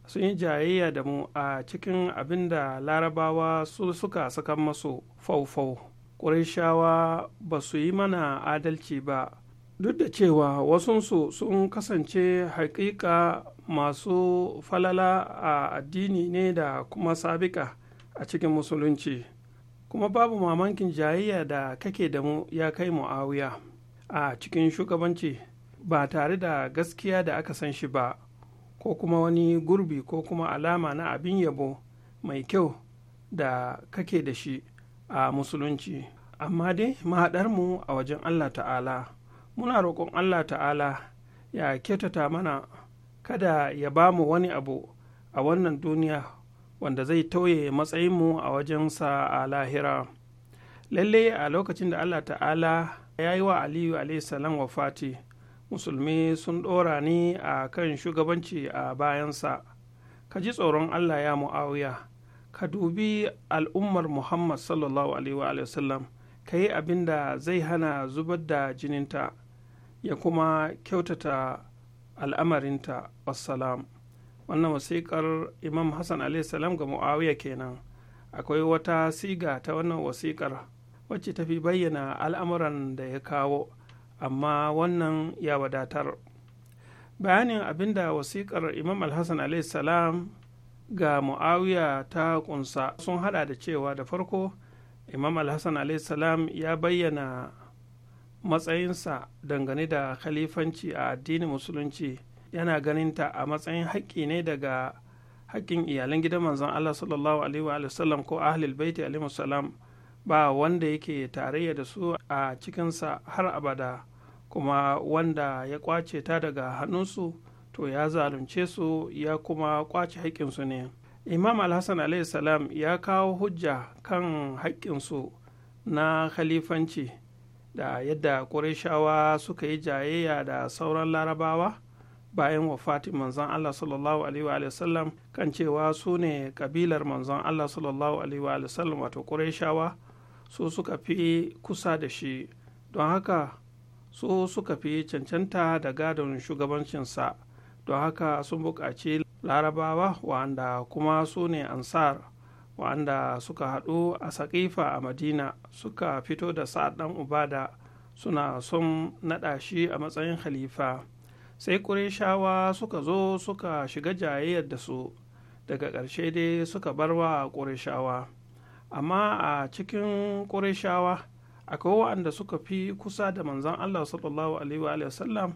sun yi jayayya da mu a cikin abin da larabawa su suka saka masu faufau shawa ba su yi mana adalci ba duk da cewa wasunsu sun kasance haƙiƙa masu falala a addini ne da kuma sabika a cikin musulunci kuma babu mamakin jayayya da kake da mu ya kai mu'awiya a cikin shugabanci ba tare da gaskiya da aka san shi ba ko kuma wani gurbi ko kuma alama na abin yabo mai kyau da kake da shi a musulunci amma dai mahaɗarmu a wajen allah ta'ala muna roƙon allah ta'ala ya kyautata mana kada ya ba mu wani abu a wannan duniya wanda zai tauye matsayinmu a wajensa a lahira Lallai a lokacin da allah ta'ala ya yi wa aliyu salam wa fati musulmi sun ɗora ni a kan shugabanci a bayansa ka ji tsoron allah ya mu'awiya ka dubi al'ummar muhammad sallallahu alaihi wa sallam, ka yi abin da zai hana zubar da jininta ya kuma kyautata al'amarinta wassalam wannan wasiƙar imam hassan salam ga mu'awiya kenan akwai wata siga ta wannan wasiƙar wacce ta fi bayyana al'amuran da ya kawo amma wannan ya wadatar bayanin abinda wasiƙar imam alhassan salam ga mu'awiya ta kunsa sun hada da cewa da farko imam alhassan salam ya bayyana matsayinsa dangane da khalifanci a addinin musulunci yana ganinta a matsayin haƙƙi ne daga haƙƙin iyalan gidan manzon allah sallallahu alaihi wa sallam ko ahlul baiti alaihi salam ba wanda yake tarayya da su a cikinsa har abada kuma wanda ya kwace ta daga hannunsu to ya zalunce su ya kuma kwace haƙƙinsu ne imam alhassan salam ya kawo hujja kan haƙƙinsu na khalifanci da yadda ƙurashawa suka yi jayayya da sauran larabawa bayan wafatin manzon Allah sallallahu alaihi wa sallam kan cewa su ne kabilar manzon Allah sallallahu alaihi wa sallam wato Qurayshawa su suka fi kusa da shi don haka su suka fi cancanta da gadon shugabancinsa don haka sun buƙaci larabawa wa'anda kuma su ne ansar wa'anda suka haɗu a saƙifa a madina suka fito da sa'adan ubada suna son naɗa shi a matsayin khalifa sai ƙurishawa suka zo suka shiga jayayyar da su daga ƙarshe dai suka bar wa shawa amma a cikin ƙurashawa akwai wa'anda suka fi kusa da manzan allah sallallahu alaihi wa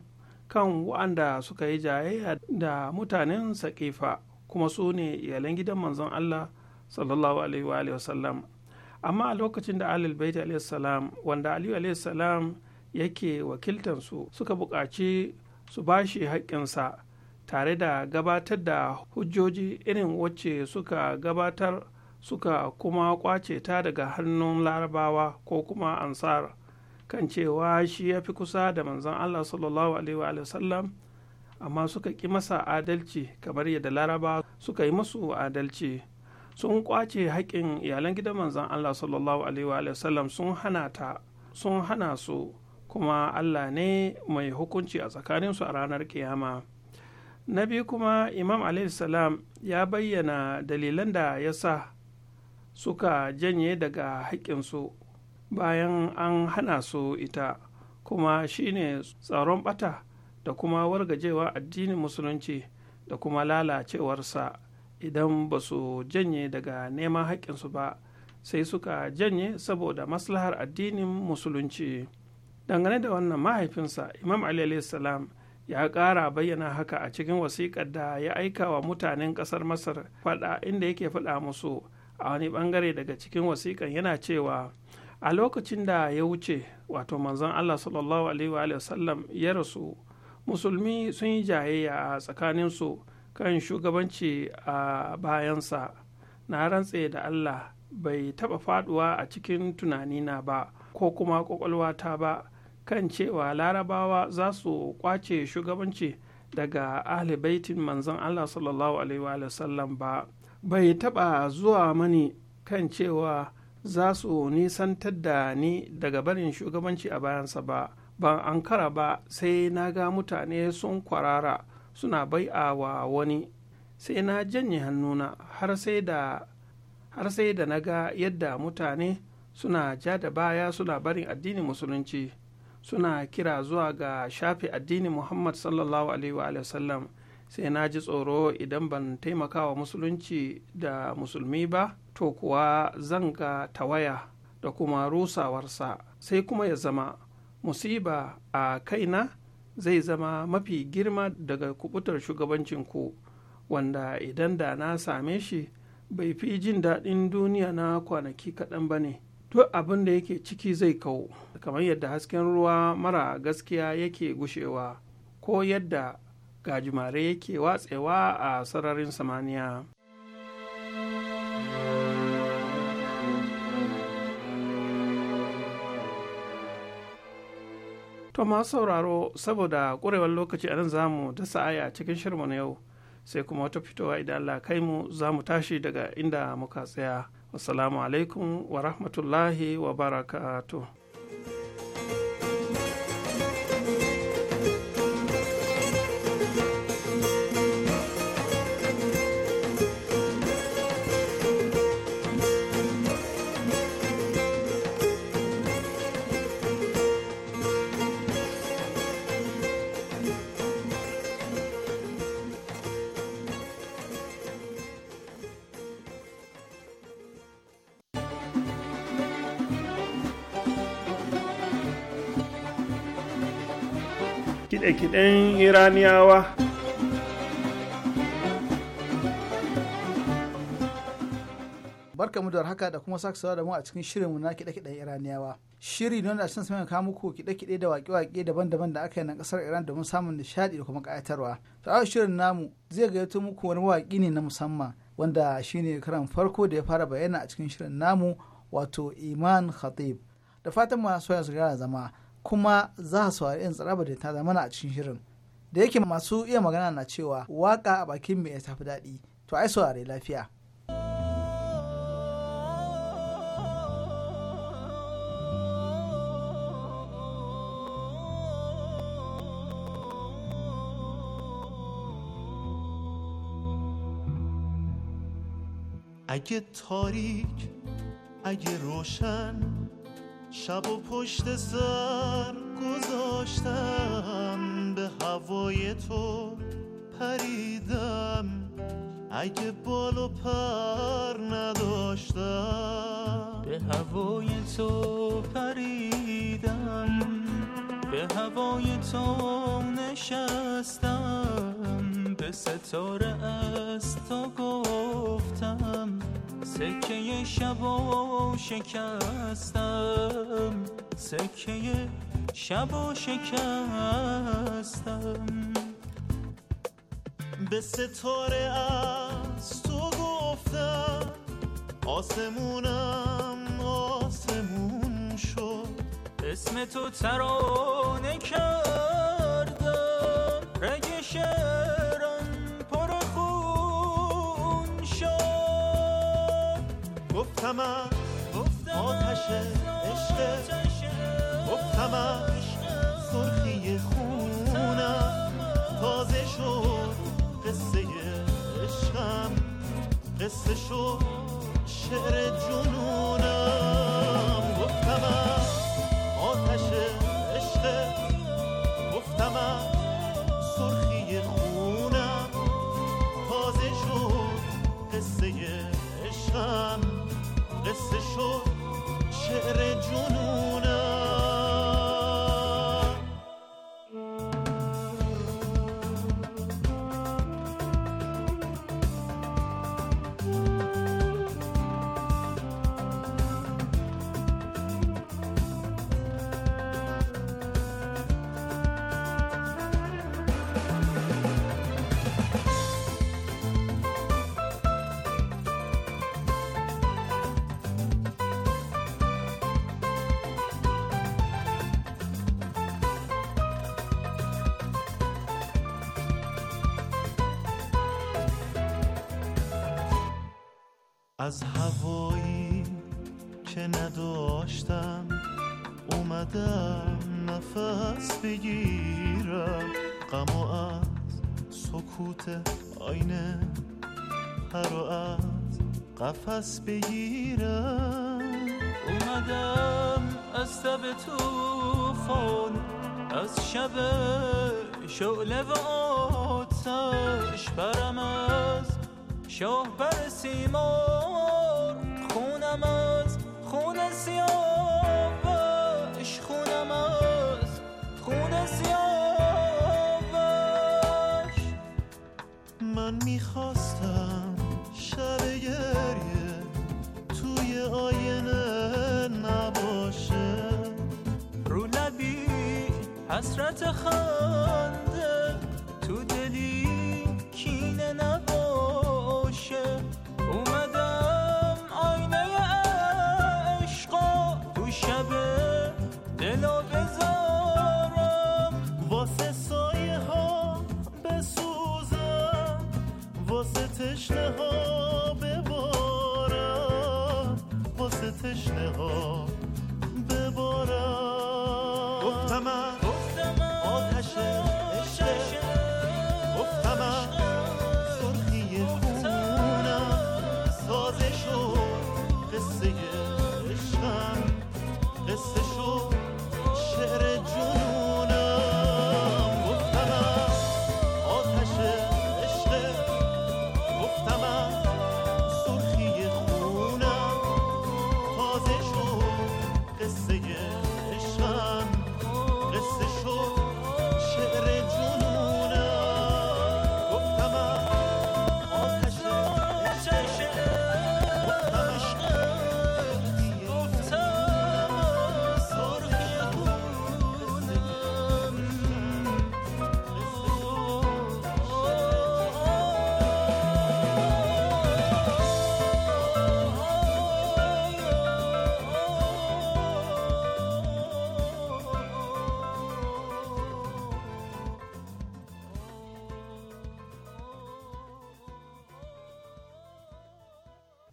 kan wa'anda suka yi jayayya da mutanen saƙifa kuma su ne iyalan gidan manzan allah sallallahu alaihi wa amma a lokacin da alil bai salam wanda aliyu salam yake wakiltansu suka buƙaci su ba shi haƙƙinsa tare da gabatar da hujjoji irin wacce suka gabatar suka kuma kwace ta daga hannun larabawa ko kuma ansar kan cewa shi ya fi kusa da manzon allah sallallahu alaihi sallam amma suka ƙi masa adalci kamar yadda larabawa suka yi masu adalci sun kwace haƙƙin iyalan gidan manzon allah sallallahu alaihi sallam sun hana su kuma allah ne mai hukunci a tsakaninsu a ranar kiyama. na biyu kuma imam salam ya bayyana dalilan da ya sa suka janye daga haƙƙinsu bayan an hana su ita kuma shine tsaron ɓata da kuma wargajewa addinin musulunci da kuma lalacewarsa idan ba su janye daga neman haƙƙinsu ba sai suka janye saboda maslahar addinin musulunci dangane da wannan mahaifinsa imam ali salam ya ƙara bayyana haka a cikin wasiƙar da ya aika wa mutanen ƙasar masar faɗa inda yake faɗa musu a wani bangare daga cikin wasiƙan yana cewa a lokacin da ya wuce wato manzon allah sallallahu alaihi wasallam ya rasu musulmi sun yi jayayya a tsakaninsu kan shugabanci a bayansa na rantse da allah bai taɓa faɗuwa a cikin tunanina ba ko kuma ƙwaƙwalwata ba kan cewa larabawa za su ƙwace shugabanci daga ahli baitin manzon allah sallallahu alaihi sallam ba bai taɓa zuwa mani kan cewa za su nisantar da ni daga barin shugabanci a bayansa ba ban ankara ba sai na ga mutane sun kwarara suna bai'a wa wani sai na janye hannuna har sai da na ga yadda mutane suna ja da baya suna barin addinin musulunci suna kira zuwa ga shafi addinin muhammad sallallahu alaihi wa sallam sai na ji tsoro idan ban taimakawa musulunci da musulmi ba to kuwa zan ga tawaya da kuma rusawarsa sai kuma ya zama musiba a kaina zai zama mafi girma daga kubutar shugabancin ku wanda idan da na same shi bai fi jin daɗin duniya na kwanaki kaɗan ba ne duk abin da yake ciki zai kawo kamar yadda hasken ruwa mara gaskiya yake gushewa ko yadda gajimare yake watsewa a sararin samaniya to masu sauraro saboda ƙurewar lokaci a nan za mu da sa'aya cikin shirmu na yau sai kuma wata fitowa idan Allah kai mu za mu tashi daga inda muka tsaya. wasalamu alaikum wa rahmatullahi wa barakatuh. Iraniyawa. Barka da haka da kuma sake da mu a cikin shirinmu na kiɗe-kiɗen Iraniyawa. Shiri ne wanda a cikin samun kawo muku kiɗe-kiɗe da waƙe-waƙe daban-daban da aka yi na ƙasar Iran domin samun nishaɗi da kuma ƙayatarwa. To a shirin namu zai gayyato muku wani mawaƙi ne na musamman wanda shine karan farko da ya fara bayyana a cikin shirin namu wato Iman Khatib. Da fatan masu gara zama kuma za su saurari in tsaraba da ta zamana a cikin shirin. da yake masu iya magana na cewa waka a bakin mai ya tafi daɗi to ai saurare lafiya اگه تاریک اگه روشن شب و پشت سر گذاشتم هوای تو پریدم اگه بال و پر نداشتم به هوای تو پریدم به هوای تو نشستم به ستاره از تو گفتم سکه شبا شکستم سکه شب و شکستم به ستاره از تو گفتم آسمونم آسمون شد اسم تو ترانه کردم رگ شعرم پر خون شد گفتم از آتش عشق گفتمش سرخی خونم تازه شد قصه عشقم قصه شد شعر جنونم گفتمش آتش عشق گفتمش سرخی خونم تازه شد قصه عشقم قصه شد شعر جنونم سکوت آینه هر و از قفس بگیرم اومدم از تب توفان از شب شعله و آتش برم از شاه بر سیمان حسرت خود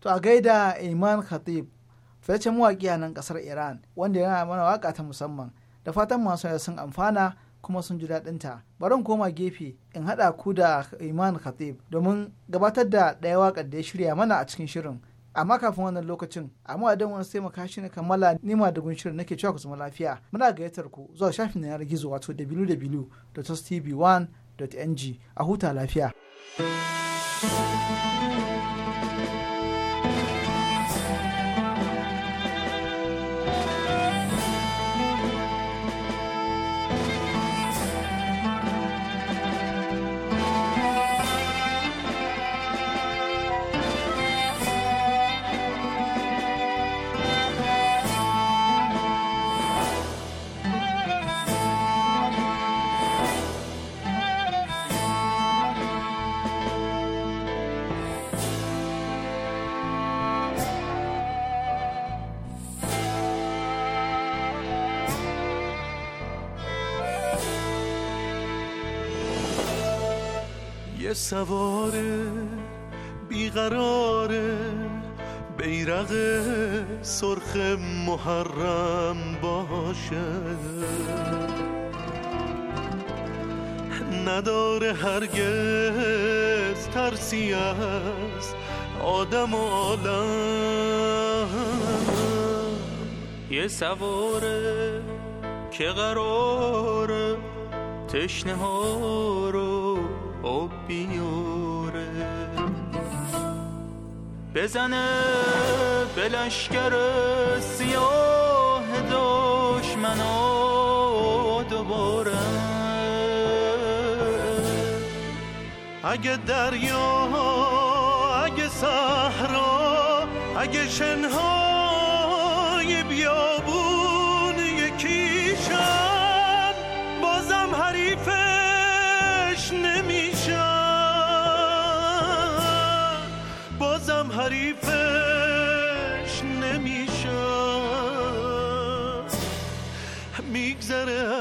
to a gaida iman khatib fitaccen mawaƙi a nan ƙasar iran wanda yana mana waƙa ta musamman da fatan masu sun amfana kuma sun ji daɗinta barin koma gefe in haɗa ku da iman khatib domin gabatar da ɗaya waƙar da ya shirya mana a cikin shirin amma kafin wannan lokacin amma idan wani sai maka shi ne kammala nima da gunshirin nake cewa ku zama lafiya muna gayyatar ku zuwa shafin yanar gizo wato www.tv1.ng a huta lafiya. سواره بیقراره بیرق سرخ محرم باشه نداره هرگز ترسی از آدم و یه سواره که قراره تشنه ها رو بیاره بزنه به سیاه دشمنا دوباره اگه دریا اگه صحرا اگه شنها تعریفش نمیشه میگذره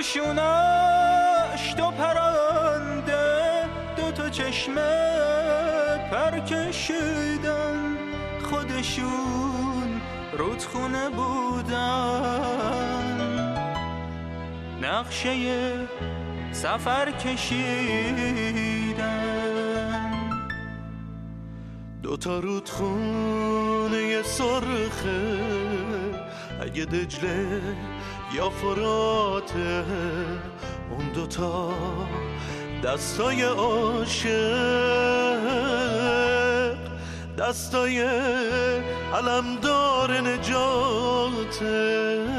گوشوناش تو پرنده دو تا چشمه پر خودشون رودخونه بودن نقشه سفر کشیدن دوتا رودخونه سرخه اگه دجله یا فراته اون دوتا دستای عاشق دستای علمدار نجاته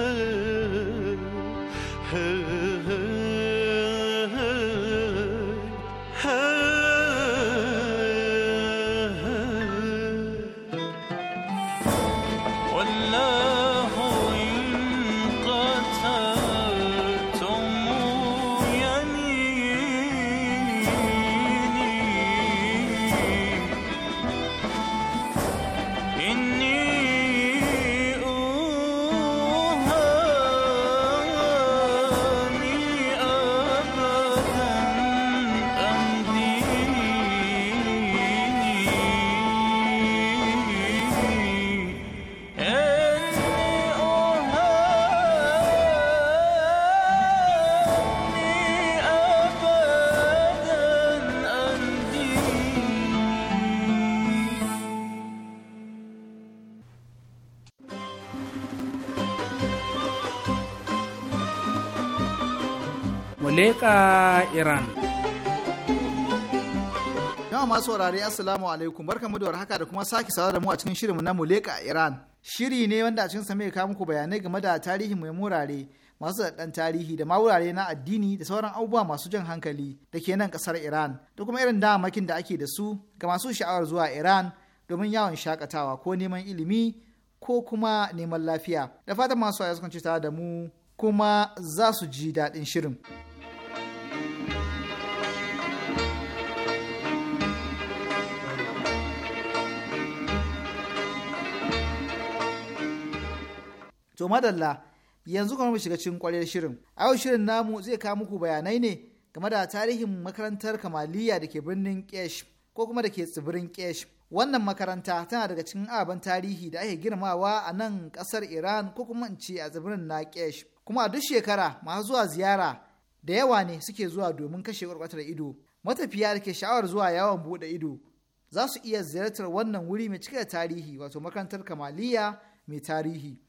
Amurka Iran. Yawan masu saurare Assalamu alaikum barkamu da haka da kuma sake sawa da mu a cikin shirinmu na Muleka Iran. Shiri ne wanda a cikin sa mai muku bayanai game da tarihi mai murare masu daɗan tarihi da ma na addini da sauran abubuwa masu jan hankali da ke nan ƙasar Iran da kuma irin damakin da ake da su ga masu sha'awar zuwa Iran domin yawon shakatawa ko neman ilimi ko kuma neman lafiya. Da fatan masu waya tare da mu kuma za su ji daɗin shirin. to madalla yanzu kuma mu shiga cikin kwarar shirin a yau shirin namu zai kawo muku bayanai ne game da tarihin makarantar kamaliya da ke birnin kesh ko kuma da ke tsibirin kesh wannan makaranta tana daga cikin abin tarihi da ake girmawa a nan kasar iran ko kuma in ce a tsibirin na kesh kuma a duk shekara masu zuwa ziyara da yawa ne suke zuwa domin kashe kwarkwatar ido matafiya da ke sha'awar zuwa yawon bude ido za su iya ziyartar wannan wuri mai cike da tarihi wato makarantar kamaliya mai tarihi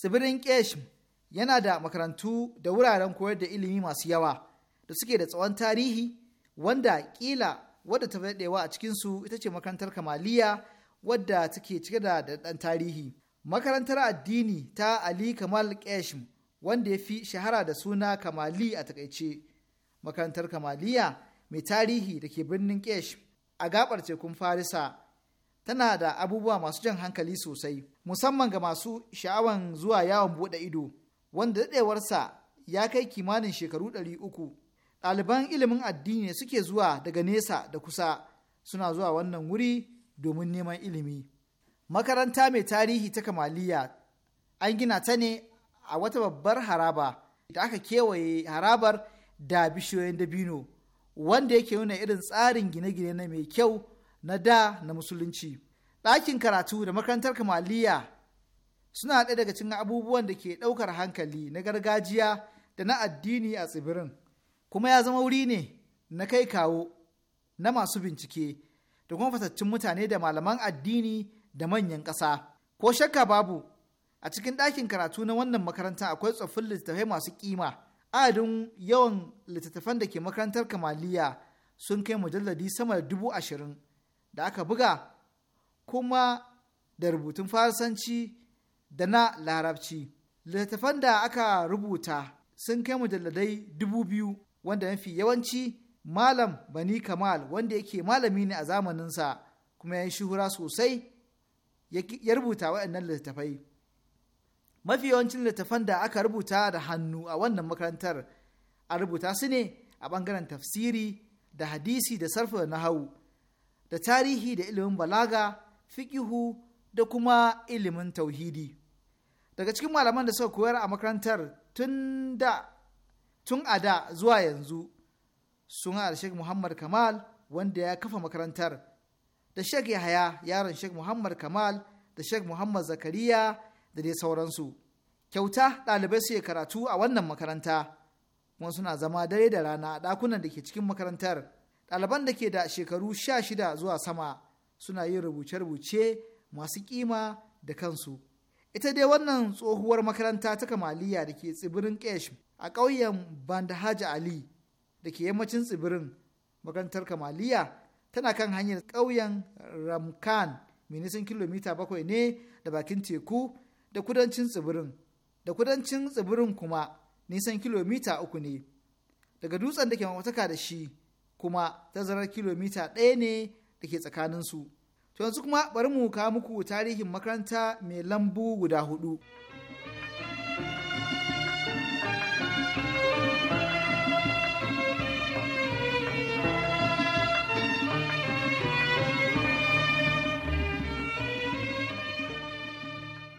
tsibirin kesh yana da makarantu da wuraren koyar da ilimi masu yawa da suke da tsawon tarihi wanda kila wadda ta daɗewa a cikinsu ita ce makarantar kamaliya wadda take cike da daɗan tarihi makarantar addini ta ali kamal kesh wanda ya fi shahara da suna kamali a takaice makarantar kamaliya mai tarihi da ke birnin kesh a gabar tekun farisa tana da abubuwa masu jan hankali sosai musamman ga masu sha'awan zuwa yawon buɗe ido wanda daɗewarsa ya kai kimanin shekaru ɗari uku ɗaliban ilimin addini ne suke zuwa daga nesa da kusa suna zuwa wannan wuri domin neman ilimi makaranta mai tarihi ta kamaliya an gina ta ne a wata babbar haraba da aka kewaye harabar da bishiyoyin dabino wanda yake nuna irin tsarin gine-gine na mai kyau na da na musulunci. ɗakin karatu da makarantar kamaliyya suna ɗaya daga cikin abubuwan da ke ɗaukar hankali na gargajiya da na addini a tsibirin kuma ya zama wuri ne na kai kawo na masu bincike da kuma fatattun mutane da malaman addini da manyan ƙasa ko shakka babu a cikin ɗakin karatu na wannan makarantar akwai tsoffin littattafai masu kima adadin yawan littattafan da ke makarantar kamaliya sun kai mujalladi sama da dubu ashirin da aka buga kuma da rubutun Faransanci da na Larabci. Littattafan da aka rubuta sun kai mujalladai dubu biyu wanda mafi yawanci Malam Bani Kamal wanda yake malami ne a zamaninsa kuma ya yi shuhura sosai ya rubuta waɗannan littattafai. Mafi yawancin littattafan da aka rubuta da hannu a wannan makarantar a rubuta su ne a bangaren tafsiri da hadisi da sarfa na hawu, da tarihi da ilimin balaga fikihu da kuma ilimin tauhidi daga cikin malaman da suka koyar a makarantar tun da tun a da zuwa yanzu sun haɗa Sheikh Muhammad Kamal wanda ya kafa makarantar da Sheikh Yahaya yaron Sheikh Muhammad Kamal da Sheikh Muhammad Zakariya da dai sauransu kyauta ɗalibai su karatu a wannan makaranta kuma suna zama dare da rana a ɗakunan da ke cikin makarantar ɗaliban da ke da shekaru sha shida zuwa sama suna yin rubuce-rubuce masu kima da kansu ita dai wannan tsohuwar makaranta ta kamaliya da ke tsibirin kesh a ƙauyen bandahaji ali da ke yammacin tsibirin makarantar kamaliya tana kan hanyar ƙauyen ramkan minisan nisan kilomita bakwai ne da bakin teku da kudancin tsibirin da kudancin tsibirin kuma nisan kilomita uku ne daga dutsen da ke mamataka da shi kuma tazarar kilomita ɗaya ne da ke tsakaninsu. To yanzu kuma bari mu kawo muku tarihin makaranta mai lambu guda hudu.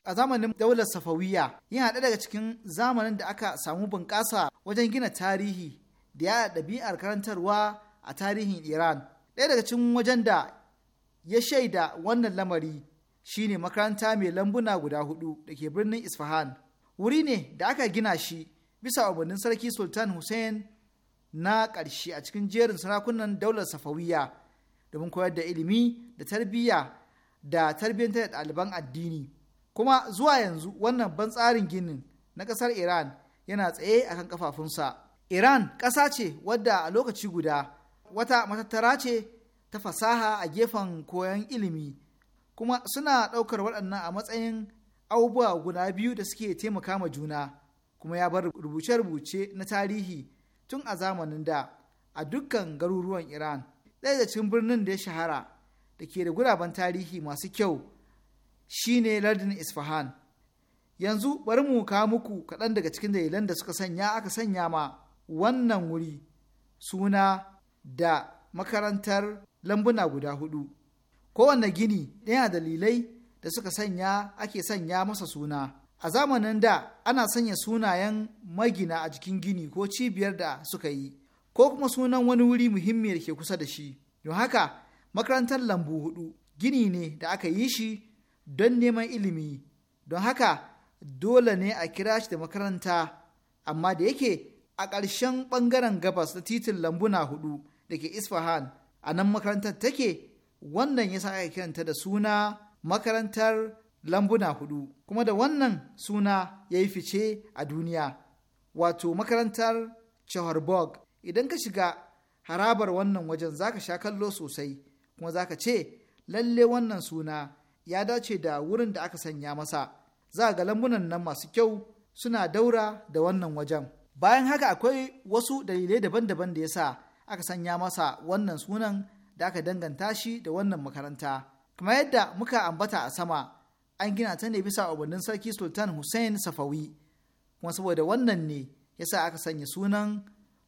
a zamanin daular safawiya yana haɗe daga cikin zamanin da aka samu bunƙasa wajen gina tarihi da ya ɗabi'ar karantarwa a tarihin iran ɗaya daga cikin wajen da ya shaida wannan lamari shine makaranta mai lambuna guda hudu da ke birnin isfahan wuri ne da aka gina shi bisa umarnin sarki sultan hussein na ƙarshe a cikin jerin sarakunan daular safawiya domin koyar da ilimi da tarbiyya da tarbiyyantar da ɗaliban addini kuma zuwa yanzu wannan ban tsarin ginin na ƙasar iran yana tsaye a kan ƙafafunsa. iran ƙasa ce wadda a lokaci guda wata matattara ce ta fasaha a gefen koyon ilimi kuma suna ɗaukar waɗannan a matsayin abubuwa guda biyu da suke taimaka ma juna kuma ya bar rubuce-rubuce na tarihi tun a zamanin da a dukkan garuruwan iran ɗaya da cikin birnin da ya shahara da ke da guraben tarihi masu kyau shine lardin isfahan yanzu bari mu kawo muku kaɗan daga cikin dalilan da suka sanya aka sanya ma wannan wuri suna da makarantar lambuna guda hudu kowane gini yana dalilai da suka sanya ake sanya masa suna a zamanin da ana sanya sunayen magina a jikin gini ko cibiyar da suka yi ko kuma sunan wani wuri muhimmi da ke kusa da shi don haka makarantar lambu hudu gini ne da aka yi shi don neman ilimi don haka dole ne a kira shi da makaranta amma da yake a ƙarshen ɓangaren gabas da titin lambuna hudu da ke Isfahan a nan makarantar take wannan ya sa aka kiranta da suna makarantar lambuna hudu kuma da wannan suna ya yi fice a duniya wato makarantar Chaharborg idan ka shiga harabar wannan wajen zaka sha kallo sosai kuma zaka ce lalle wannan suna ya dace da wurin da aka sanya masa za ga lambunan nan masu kyau suna daura da wannan wajen bayan haka akwai wasu dalilai daban-daban da ya sa aka sanya masa wannan sunan da aka danganta shi da wannan makaranta kamar yadda muka ambata a sama an gina ta ne bisa umarnin sarki sultan hussein safawi kuma saboda wannan ne yasa aka sanya sunan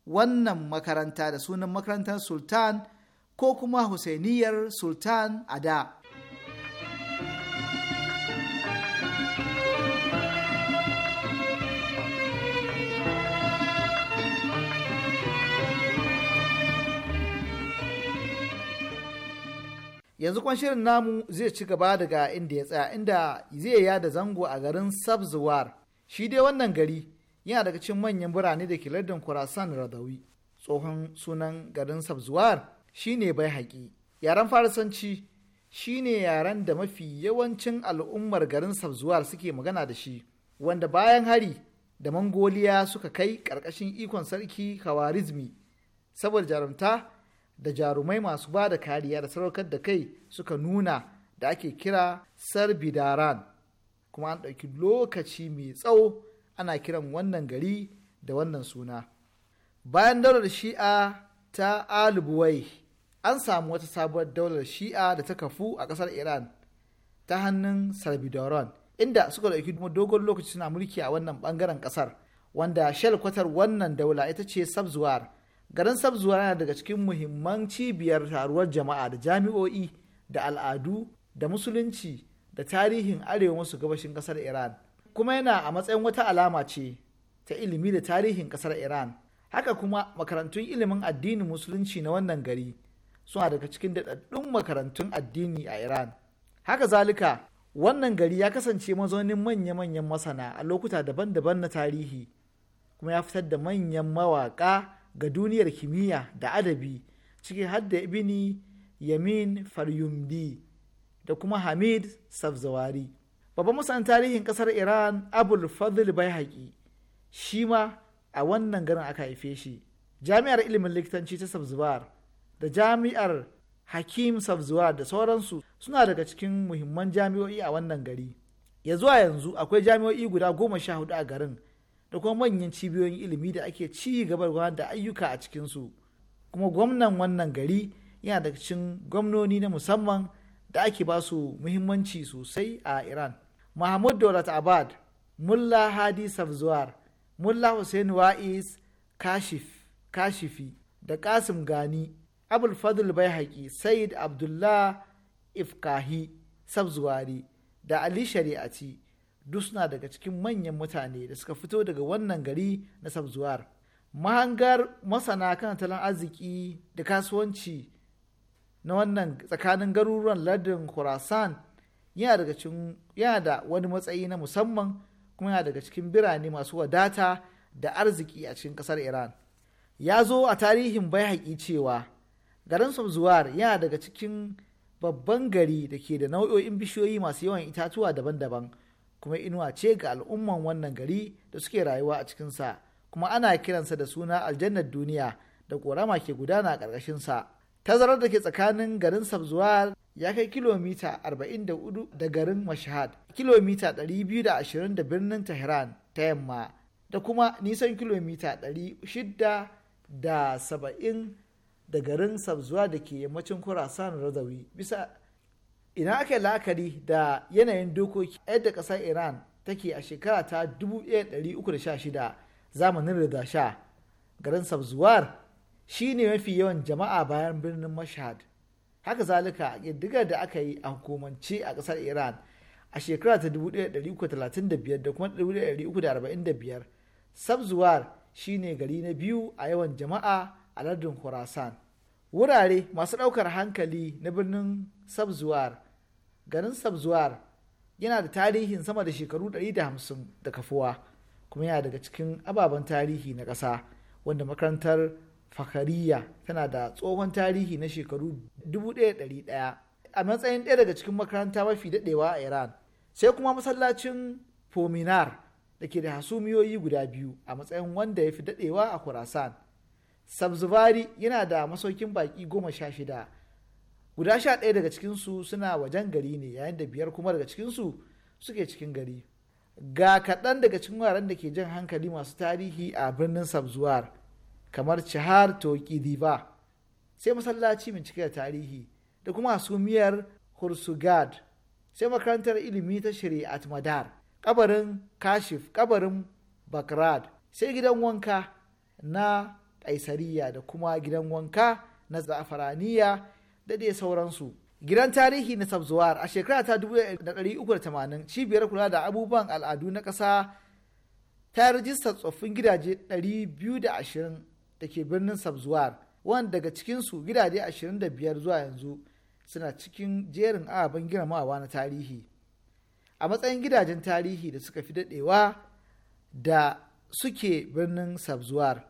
wannan makaranta da sunan makarantar sultan ko kuma husainiyar sultan a da yanzu kwan shirin namu zai ci gaba daga inda ya tsaya inda zai yada zango a garin sabzuwar shi dai wannan gari yana daga cikin manyan birane da ke lardin kurasan radawi tsohon sunan garin sabzuwar shine bai haƙi yaren farisanci shine yaren da mafi yawancin al'ummar garin sabzuwar suke magana da shi wanda bayan hari da mangoliya suka kai ƙarƙashin ikon sarki kawarizmi saboda jarumta da jarumai masu ba da kariya da sadaukar da kai suka nuna da ake kira sarbidaran kuma an ɗauki lokaci mai tsawo ana kiran wannan gari da wannan suna bayan daular shi'a ta alibuwai an samu wata sabuwar daular shi'a da ta kafu a ƙasar iran ta hannun sarbidaran inda suka ɗauki dogon lokaci suna mulki a wannan ɓangaren ƙasar wanda shelkwatar wannan daula ita ce sabzuwar garin sabzuwa yana daga cikin muhimman cibiyar taruwar jama'a da jami'o'i da al'adu da musulunci da tarihin arewa masu gabashin kasar iran kuma yana a matsayin wata alama ce ta ilimi da tarihin kasar iran haka kuma makarantun ilimin addinin musulunci na wannan gari suna daga cikin daɗaɗɗun makarantun addini a iran haka zalika wannan gari ya kasance mazaunin manya-manyan masana a lokuta daban-daban na tarihi kuma ya fitar da manyan mawaƙa ga duniyar kimiyya da adabi ciki hadda da ibini yamin faryumdi da kuma hamid safzawari babban musan tarihin kasar iran abul fadl bai shi ma a wannan garin aka haife shi jami'ar ilimin likitanci ta Safzawar da jami'ar hakim Safzawar da sauransu suna daga cikin muhimman jami'o'i a wannan gari ya zuwa yanzu akwai jami'o'i guda goma sha hudu a garin da kuma manyan cibiyoyin ilimi da ake ci gaba da ayyuka a cikinsu kuma gwamnan wannan gari yana da cikin gwamnoni na musamman da ake ba su muhimmanci sosai a iran mahmud daulat abad mulla hadi safzuwar mulla hussein wa'is kashif kashifi da kasim gani abul bai bai said abdullah ifkahi safzuwari da ali shari'ati duk suna daga cikin manyan mutane da suka fito daga wannan gari na sabzuwar mahangar masana kan talan arziki da kasuwanci na wannan tsakanin garuruwan lardin khorasan yana da wani matsayi na musamman kuma yana daga cikin birane masu wadata da arziki a cikin kasar iran ya zo a tarihin bai cewa garin samzuwar yana daga cikin babban gari da ke da nau'o'in bishiyoyi masu yawan itatuwa daban-daban kuma inuwa ce ga al'umman wannan gari da suke rayuwa a cikinsa kuma ana kiransa da suna aljannar duniya da ƙorama ke gudana a ƙarƙashinsa tazarar da ke tsakanin garin sabzuwar ya kai kilomita 44 da garin mashahad kilomita 220 da birnin tehran ta yamma da kuma nisan kilomita 670 da garin sabzuwa da ke yammacin kurasan radawi bisa ina aka yi la'akari da yanayin dokoki yadda ƙasar iran take a shekara ta 1316 zamanin da sha garin sabzuwar shi ne mafi yawan jama'a bayan birnin mashhad haka zalika ƙiddigar da aka yi a hukumance a ƙasar iran a shekara ta 1335 da kuma 1345 sabzuwar shi ne gari na biyu a yawan jama'a a lardin khorasan wurare masu ɗaukar hankali na birnin sabzuwar garin sabzuwar yana da tarihin sama da shekaru 150 da kafuwa kuma yana daga cikin ababen tarihi na ƙasa wanda makarantar fakariya tana da tsohon tarihi na shekaru 1100 a matsayin ɗaya daga cikin makaranta mafi daɗewa a iran sai kuma masallacin fominar da ke da hasumiyoyi guda biyu a matsayin wanda ya fi daɗewa a kurasan sabzuvari yana da masaukin baki goma sha shida guda sha ɗaya daga cikinsu suna wajen gari ne yayin da biyar kuma daga cikinsu suke cikin gari ga kaɗan daga cikin wuraren da ke jan hankali masu tarihi a birnin sabzuwar kamar cihar toki diva sai masallaci mai cike da tarihi da kuma sumiyar hursugad sai makarantar ilimi ta shari'at madar kabarin kashif kabarin bakrad sai gidan wanka na kaisariya da kuma gidan wanka na zafaraniya da dai sauransu gidan tarihi na sabzuwar a shekara ta 1380 cibiyar kula da abubuwan al'adu na ƙasa ta rajista tsoffin gidaje 220 da ke birnin sabzuwar wanda daga cikinsu gidaje 25 zuwa yanzu suna cikin jerin ababen girmamawa na tarihi a matsayin gidajen tarihi da suka fi daɗewa da suke birnin sabzuwar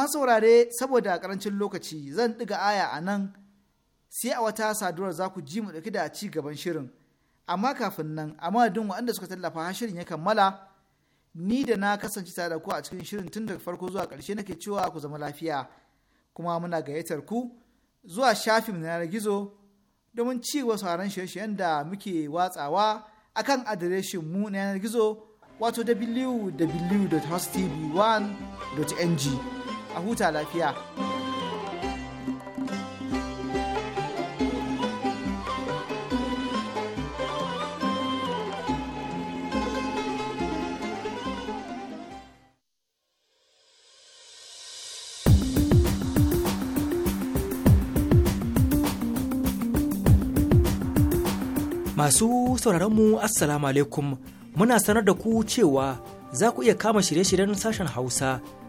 Amma saurare saboda karancin lokaci zan ɗiga aya a nan sai a wata saduwar za ku ji mu ɗauki da ci gaban shirin amma kafin nan a madadin waɗanda suka tallafa har shirin ya kammala ni da na kasance tare da ku a cikin shirin tun daga farko zuwa ƙarshe nake cewa ku zama lafiya kuma muna gayyatar ku zuwa shafin na yanar gizo domin ci gaba sauran shirye-shiryen da muke watsawa akan adireshin mu na yanar gizo wato www.hostv1.ng a huta lafiya. Masu sauraronmu Assalamu alaikum muna sanar da ku cewa za ku iya kama shirye-shiryen sashen Hausa